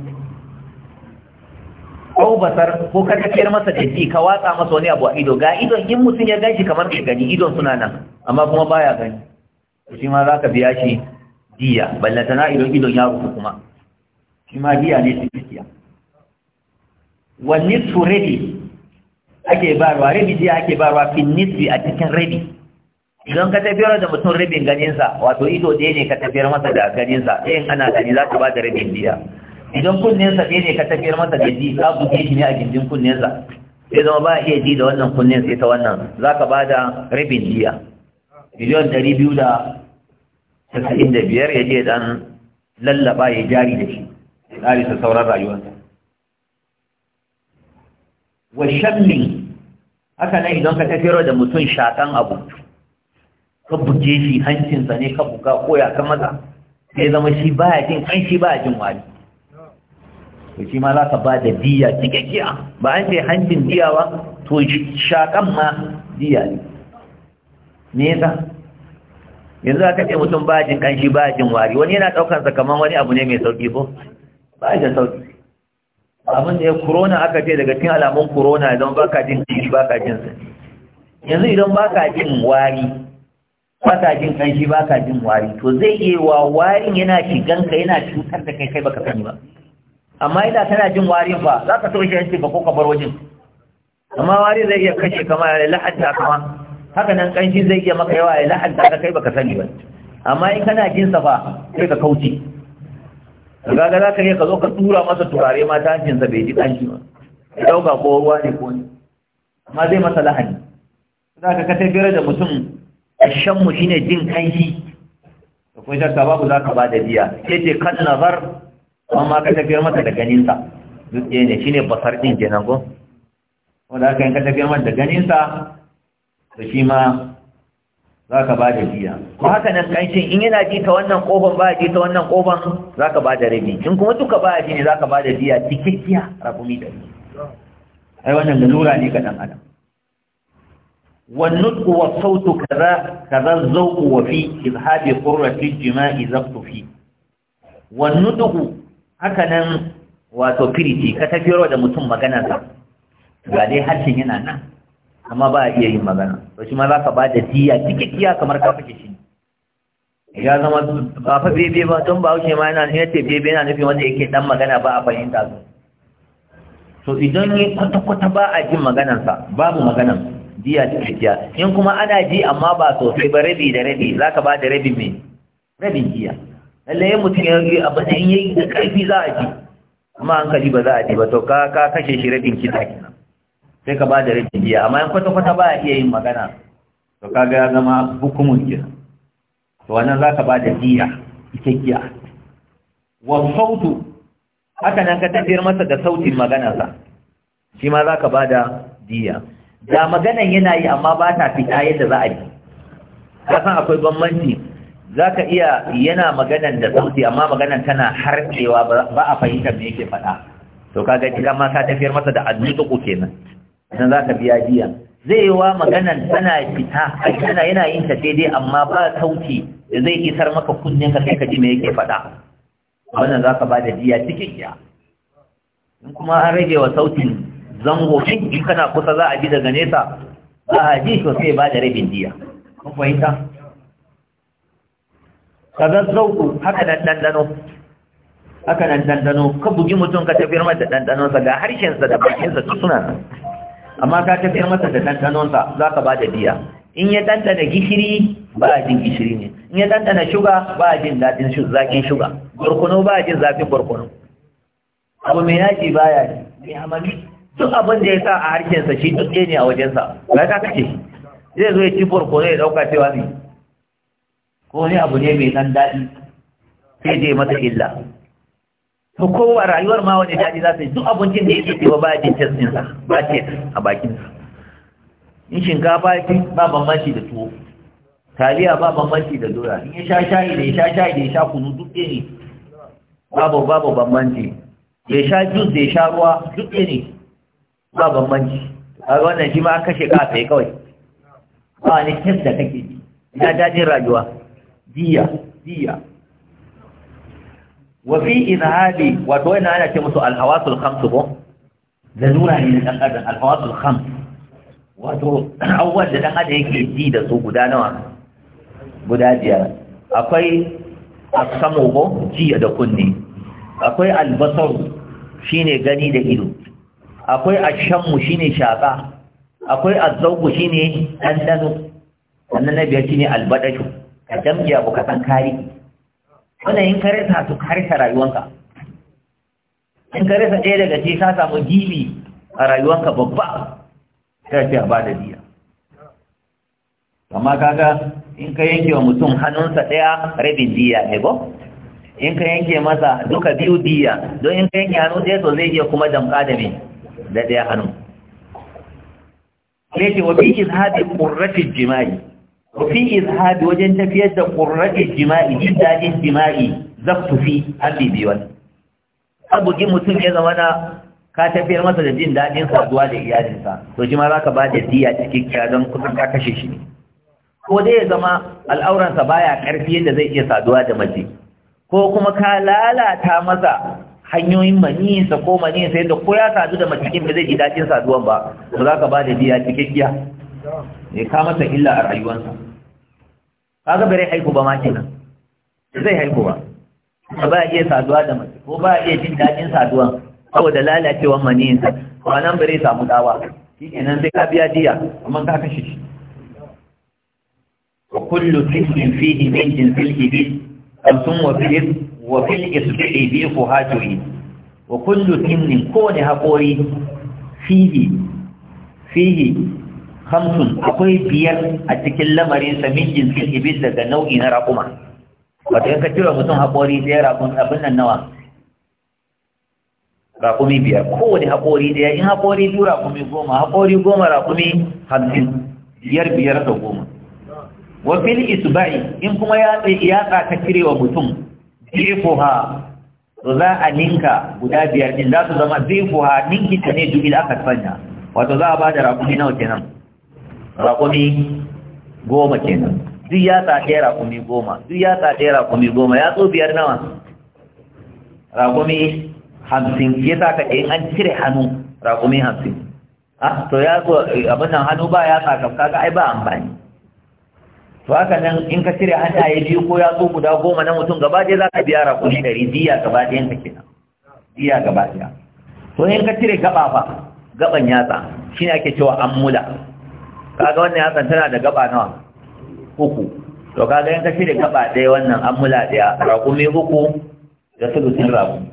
ko basar ko ka kafiyar masa jiki ka watsa masa wani abu a ido ga idon in mutum ya ganshi kamar bai gani idon suna nan amma kuma baya gani To shi ma zaka biya shi diya ballantana idon idon ya rufu kuma shi ma diya ne wa nisfu rabi ake barwa rabi jiya ake barwa fi nisfi a cikin rabi idan ka tafiyar da mutum rabin ganinsa wato ido ɗaya ne ka tafiyar masa da ganinsa ɗayan ana gani za ka ba da rabin jiya idan kunninsa ɗaya ne ka tafiyar masa da ji ka buge shi ne a gindin kunninsa sai zama ba iya ji da wannan kunnen sai ta wannan za ka ba da rabin jiya miliyan ɗari biyu da casa'in da biyar ya je dan lallaba ya jari da shi ya ƙarisa sauran rayuwarsa wa shammi haka nan idan ka tafiyar da mutum shakan abu ka buge shi hancinsa ne ka buga koya ka maza sai zama shi baya jin kan shi baya jin wani ko shi ma za ka ba da diya cikakkiya ba an ce hancin diya ba to shakan ma diya ne me yasa yanzu aka ce mutum ba jin kanshi ba jin wari wani yana sa kamar wani abu ne mai sauki ko ba da sauki abin da ya korona aka ce daga cikin alamun korona idan baka jin kanshi baka jin sani yanzu idan baka jin wari baka jin kanshi baka jin wari to zai iya wa warin yana shigan ka yana cutar da kai kai baka sani ba amma idan kana jin warin fa za ka toshe shi ba ko ka bar wajen amma wari zai iya kashe kama ya la'anta kama haka nan ƙanshi zai iya maka yawa ya la'anta ka kai baka sani ba amma in kana jin sa fa sai ka kauce Gaga za ka iya ka zo ka tura masa turare ma ta hancinsa bai ji ɗan shi ba ya ɗauka ko ruwa ne ko ne amma zai masa lahani za ka ka tafiyar da mutum shanmu shi ne jin kanshi da kun shakka babu za ka ba da biya ke ce kan nazar amma ka tafiyar masa da ganinsa duk ɗaya ne shi ne basar ɗin kenan ko wanda aka yi ka tafiyar masa da ganinsa da shi ma za ka ba da jiya ko haka nan kancin in yana ji ta wannan kofan ba ji ta wannan kofan za ka ba da rabi in kuma duka ba ji ne za ka ba da jiya cikakkiya rakumi ɗari ai wannan lalura ne ga ɗan adam والنطق والصوت كذا كذا الذوق وفي إذهاب قرة الجماع ضبط فيه والنطق هكذا وتفرتي كتفيرو da mutum maganarsa. ga dai harshen yana nan amma ba a iya yin magana to shi ma za ka ba da diya cikakkiya kamar ka fake shi ya zama ba fa bebe ba don ba haushe ma yana nufin bebe yana nufin wanda yake dan magana ba a fahimta su so idan ya kwata-kwata ba a jin maganansa babu maganan diya cikakkiya in kuma ana ji amma ba sosai ba rabi da rabi za ka ba da rabin mai rabin lalle lallai mutum ya yi abin da in yi da ƙarfi za a ji amma hankali ba za a ji ba to ka kashe shi rabin kisa kenan sai ka ba da rabin biya amma in kwata-kwata ba a iya yin magana to kaga ya zama hukumun ki? to wannan za ka ba da jiya ita giya wa sautu haka nan ka tafiyar masa da sautin maganarsa shi ma za ka ba da diya da maganan yana yi amma ba ta fita yadda za a yi kasan akwai bambanci za ka iya yana maganan da sauti amma maganan tana harcewa ba a fahimtar me yake faɗa to kaga kira ma ka tafiyar masa da ko kenan idan za ka biya jiya zai wa maganan tana fita a tana yana yin ta daidai amma ba sauki da zai isar maka kunnen ka sai ka ji me yake faɗa wannan za ka ba da biya cikin ya in kuma an rage wa sautin zango shi in kana kusa za a ji daga nesa za a ji to sai ba da rabin jiya kun fahimta kaga zauku haka nan dandano haka nan dandano ka bugi mutum ka tafiyar mata dandanonsa ga harshensa da bakinsa suna nan amma ka tafiyar masa da tantanonsa, za ka ba da biya in ya ɗanɗana gishiri ba a jin gishiri ne in ya ɗanɗana shuga ba a jin daɗin zafin shuga barkono ba a jin zafin barkono abu mai yaji ba ya ji amami duk abin da ya sa a harkensa shi duk ne a wajensa ba ka kace zai zo ya ci barkono ya ɗauka cewa ne ko ne abu ne mai ɗan daɗi sai je masa illa to kowa rayuwar ma wani daji za su yi duk abincin da yake ba ba jin testinsa ba ce a bakinsa in shinkafa ce ba bambanci da tuwo taliya ba bambanci da doya in ya sha shayi da ya sha shayi da ya sha kunu duk ne babu babu bambanci ya sha jus da ya sha ruwa duk ne ba bambanci a wannan shi ma an kashe ka sai kawai ba ne test da kake ji ina dajin rayuwa biya biya wa fi wato wannan ana ce musu alhawasul khamsu ko da nura ne dan adam alhawasul khams wato awwal da dan adam yake ji da su guda nawa guda biyar akwai asamu ko ji da kunne akwai albasar shine gani da ido akwai ashammu shine shaka akwai azzauku shine dandano sannan na biyar ne albadashu ka damje abu ka san kari wannan in ka rasa su ka ta rayuwanka in ka rasa ɗaya daga ce ka samu gibi a rayuwanka babba ta ce ba da diya amma kaga in ka yanke wa mutum hannunsa ɗaya rabin diya ne ba in ka yanke masa duka biyu diya don in ka yanke hannu ɗaya to zai iya kuma damka da me da ɗaya hannu sai ce wa bi izhadi qurrati jima'i وفي إذهاب وجن تفيد قرة الجماء جداد الجماء زفت في أبي بيوان أبو daɗin saduwa إذا وانا to مثلا za ka ba لإياد إنسان وجمع راك بعد الدية تكيك كادم كتن كاكشيشني ko dai ya zama al'auransa baya ƙarfi yadda zai iya saduwa da mace ko kuma ka lalata masa hanyoyin maniyinsa ko maniyinsa yadda ko ya sadu da mace ba zai ji daɗin saduwan ba ba za ka ba da biya cikakkiya ya ka masa illa a rayuwarsa kaga bare haihu ba ma kenan zai haihu ba ba a iya saduwa da mace ko ba iya jin daɗin saduwa saboda lalacewar maniyinsa ba nan bare samu dawa shi nan sai ka biya diya amma ka kashe shi wa kullu tisbin fihi min jinsil ibil kamsun wa fi wa fil isbi'i bi fuhatuhi wa kullu tinnin kowane haƙori fihi fihi hamsun akwai biyar a cikin lamarin samin jinsin ibis daga nau'i na raƙuma wato yanka cewa mutum haƙori ɗaya raƙun abin nan nawa raƙumi biyar kowane haƙori ɗaya in haƙori biyu raƙumi goma haƙori goma raƙumi hamsin biyar biyar da goma wa fil isba'i in kuma ya ya ka cire wa mutum zifuha to za a ninka guda biyar din za su zama zifuha ninki ta ne dubi da aka sanya wato za a ba da raƙumi nawa kenan raƙumi goma kenan duk ya sa ɗaya raƙumi goma duk ya sa ɗaya raƙumi goma ya tso biyar nawa raƙumi hamsin ya sa ka ɗaya an cire hannu raƙumi hamsin ah to ya zo abin nan hannu ba ya sa kaga ai ba amfani to haka nan in ka cire hannaye biyu ko ya zo guda goma na mutum gaba ɗaya za ka biya raƙumi ɗari diya gaba ɗaya ka kenan diya gaba ɗaya to in ka cire gaba fa gaban yatsa shine ake cewa ammula kaga wannan yatsan tana da gaba nawa uku to kaga in ka shirya gaba ɗaya wannan an mula ɗaya raƙumi uku da sulusin raƙumi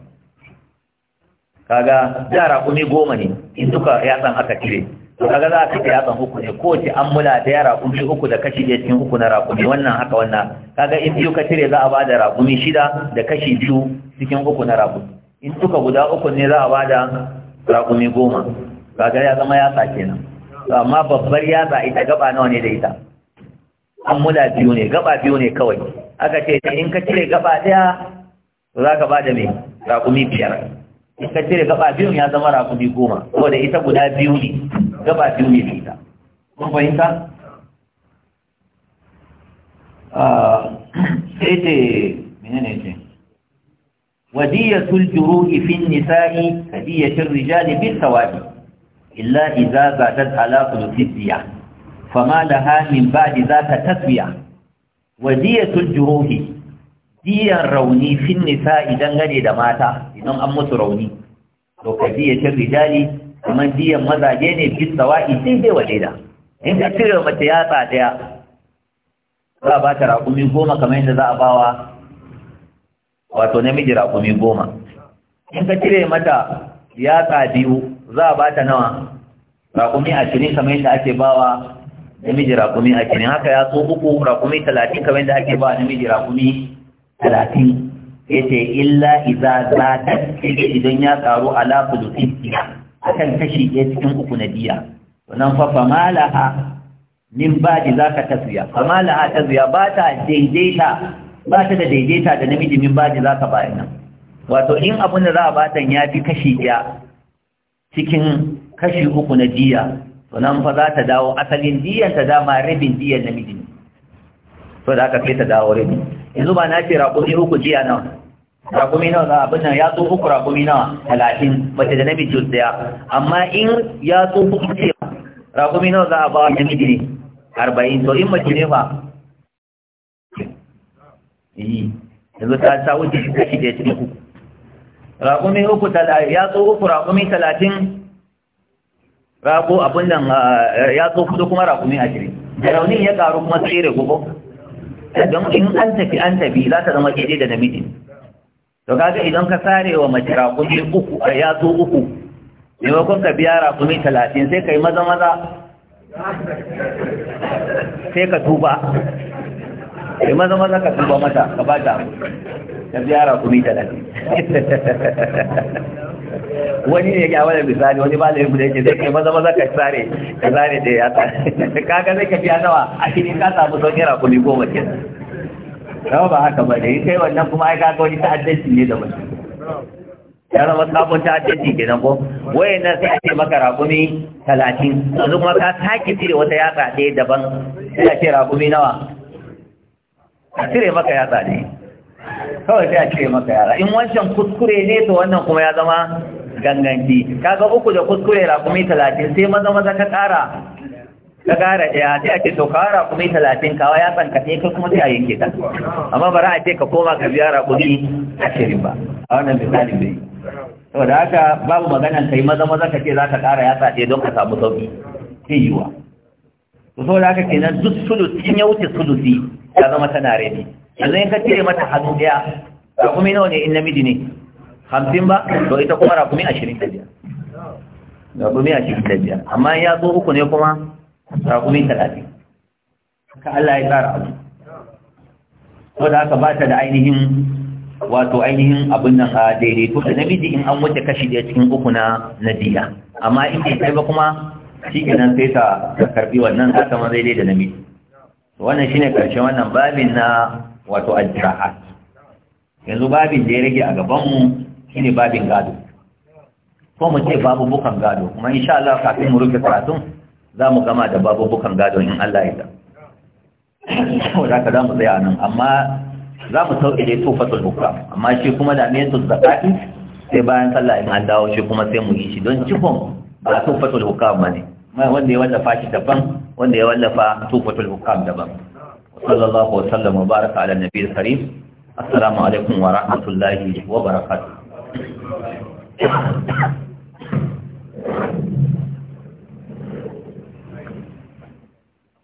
kaga da raƙumi goma ne in duka yatsan aka cire to kaga za a kashe yatsan uku ne kowace an mula ɗaya raƙumi uku da kashi ɗaya cikin uku na raƙumi wannan haka wannan kaga in biyu ka cire za a ba da raƙumi shida da kashi biyu cikin uku na raƙumi in duka guda uku ne za a ba da raƙumi goma kaga ya zama yatsa kenan to amma babbar yatsa ita gaba nawa ne da ita an mula biyu ne gaba biyu ne kawai aka ce in ka cire gaba daya za ka ba da mai rakumi biyar in ka cire gaba biyun ya zama rakumi goma ko da ita guda biyu ne gaba biyu ne da ita kun fahimta ah, sai ce mene ne ce wadiyatul juruhi fi nisa'i kadiyatul rijali bis sawabi illa idza zatat ala qulubiyya fama laha min ba'di za ta taswiya wa diyatul juruhi diyan rauni fin nisa idan gane da mata idan an musu rauni to ka diyatul rijali kuma diyan mazaje ne fi sawa'i sai dai wa daida in ka cire mace yatsa daya za a ba ta raƙumi goma kamar yadda za a ba wa wato namiji raƙumi goma in ka cire mata yatsa biyu za a bata nawa raƙumi ashirin kamar yadda ake bawa namiji raƙumi ashirin haka ya so uku raƙumi talatin kamar yadda ake bawa namiji raƙumi talatin ya ce illa iza za ta idan ya a ala fulutisiya a kan kashi ɗaya cikin uku na biya wannan fa la'a min baji za ka tafiya famalaha ta zuya ba ta daidaita ba ta da daidaita da namiji min baji za ka bayan nan wato in abin da za a batan ya fi kashi ɗaya cikin kashi uku na diya nan fa za ta dawo asalin diyan ta dama rabin diyan namiji ne so da aka kai ta dawo rabin yanzu ba na ce raƙumi uku diya nawa raƙumi nawa za a bin ya tso uku raƙumi nawa talatin mace da namiji su daya amma in ya tso uku ce raƙumi nawa za a ba wa namiji ne arba'in to in mace ne fa yanzu ta wuce shi kashi ya cikin uku raƙumi uku yatsu uku raƙumi talatin raƙo abin nan yatsu kudu kuma raƙumi ashirin raunin ya ƙaru kuma tsere gugu don in an tafi an tafi za ta zama daidai da namiji to kaga idan ka sare wa mace raƙumi uku a yatsu uku maimakon ka biya raƙumi talatin sai ka yi maza maza sai ka tuba sai maza maza ka tuba mata ka ba ta ka ziyara kuma ta dace wani ne ya wani misali wani ba da yabu da zai kai maza maza ka tsare ka tsare da ya ta kaga zai ka biya nawa a shi ne ka samu sauƙin ne goma ke nawa ba haka ba da yi kai wannan kuma ai kaga wani ta'addanci ne da mutum ya zama sabon ta'addanci ke nan ko waye nan sai a ce maka rakumi talatin yanzu kuma ka sake cire wata yatsa ɗaya daban sai a ce rakumi nawa a cire maka yatsa ne kawai sai a cire maka yara in wancan kuskure ne to wannan kuma ya zama ganganci kaga uku da kuskure rakumi talatin sai maza maza ka kara ka kara ɗaya sai ce to kawara kuma talatin kawa ya tsankace ka kuma sai a yanke ta amma ba za a ce ka koma ka biya rakumi cire ba a wannan misali bai to da haka babu maganan kai maza maza ka ce za ka kara yatsa ɗaya don ka samu sauki sai yiwa Sau da aka kenan duk sulusi in ya wuce sulusi ta zama tana rabi yanzu in ka cire mata hannu daya. rakumi nawa ne in namiji ne hamsin ba to ita kuma rakumi ashirin da biyar rakumi ashirin da biyar amma ya zo uku ne kuma rakumi talatin Ka Allah ya tsara abu to da haka ba ta da ainihin wato ainihin abin nan a daidaito da namiji in an wuce kashi daya cikin uku na nadiya amma in bai kai ba kuma shi kenan sai ta karbi wannan zata ma daidai da namiji wannan shine karshen wannan babin na wato al-jirahat yanzu babin da ya rage a gaban mu shine babin gado ko mu ce babubukan gado kuma insha Allah kafin mu rufe karatun za mu gama da babubukan gado in Allah ya yarda da ka za mu tsaya nan amma za mu sauke da tufatul bukam amma shi kuma da mai zakati sai bayan sallah in an dawo shi kuma sai mu yi shi don cikon ba tufatul bukam bane wanda ya wallafa shi daban wanda ya wallafa tufatul hukam daban sallallahu wa sallam wa baraka ala nabiyil karim assalamu alaikum wa rahmatullahi wa barakatuh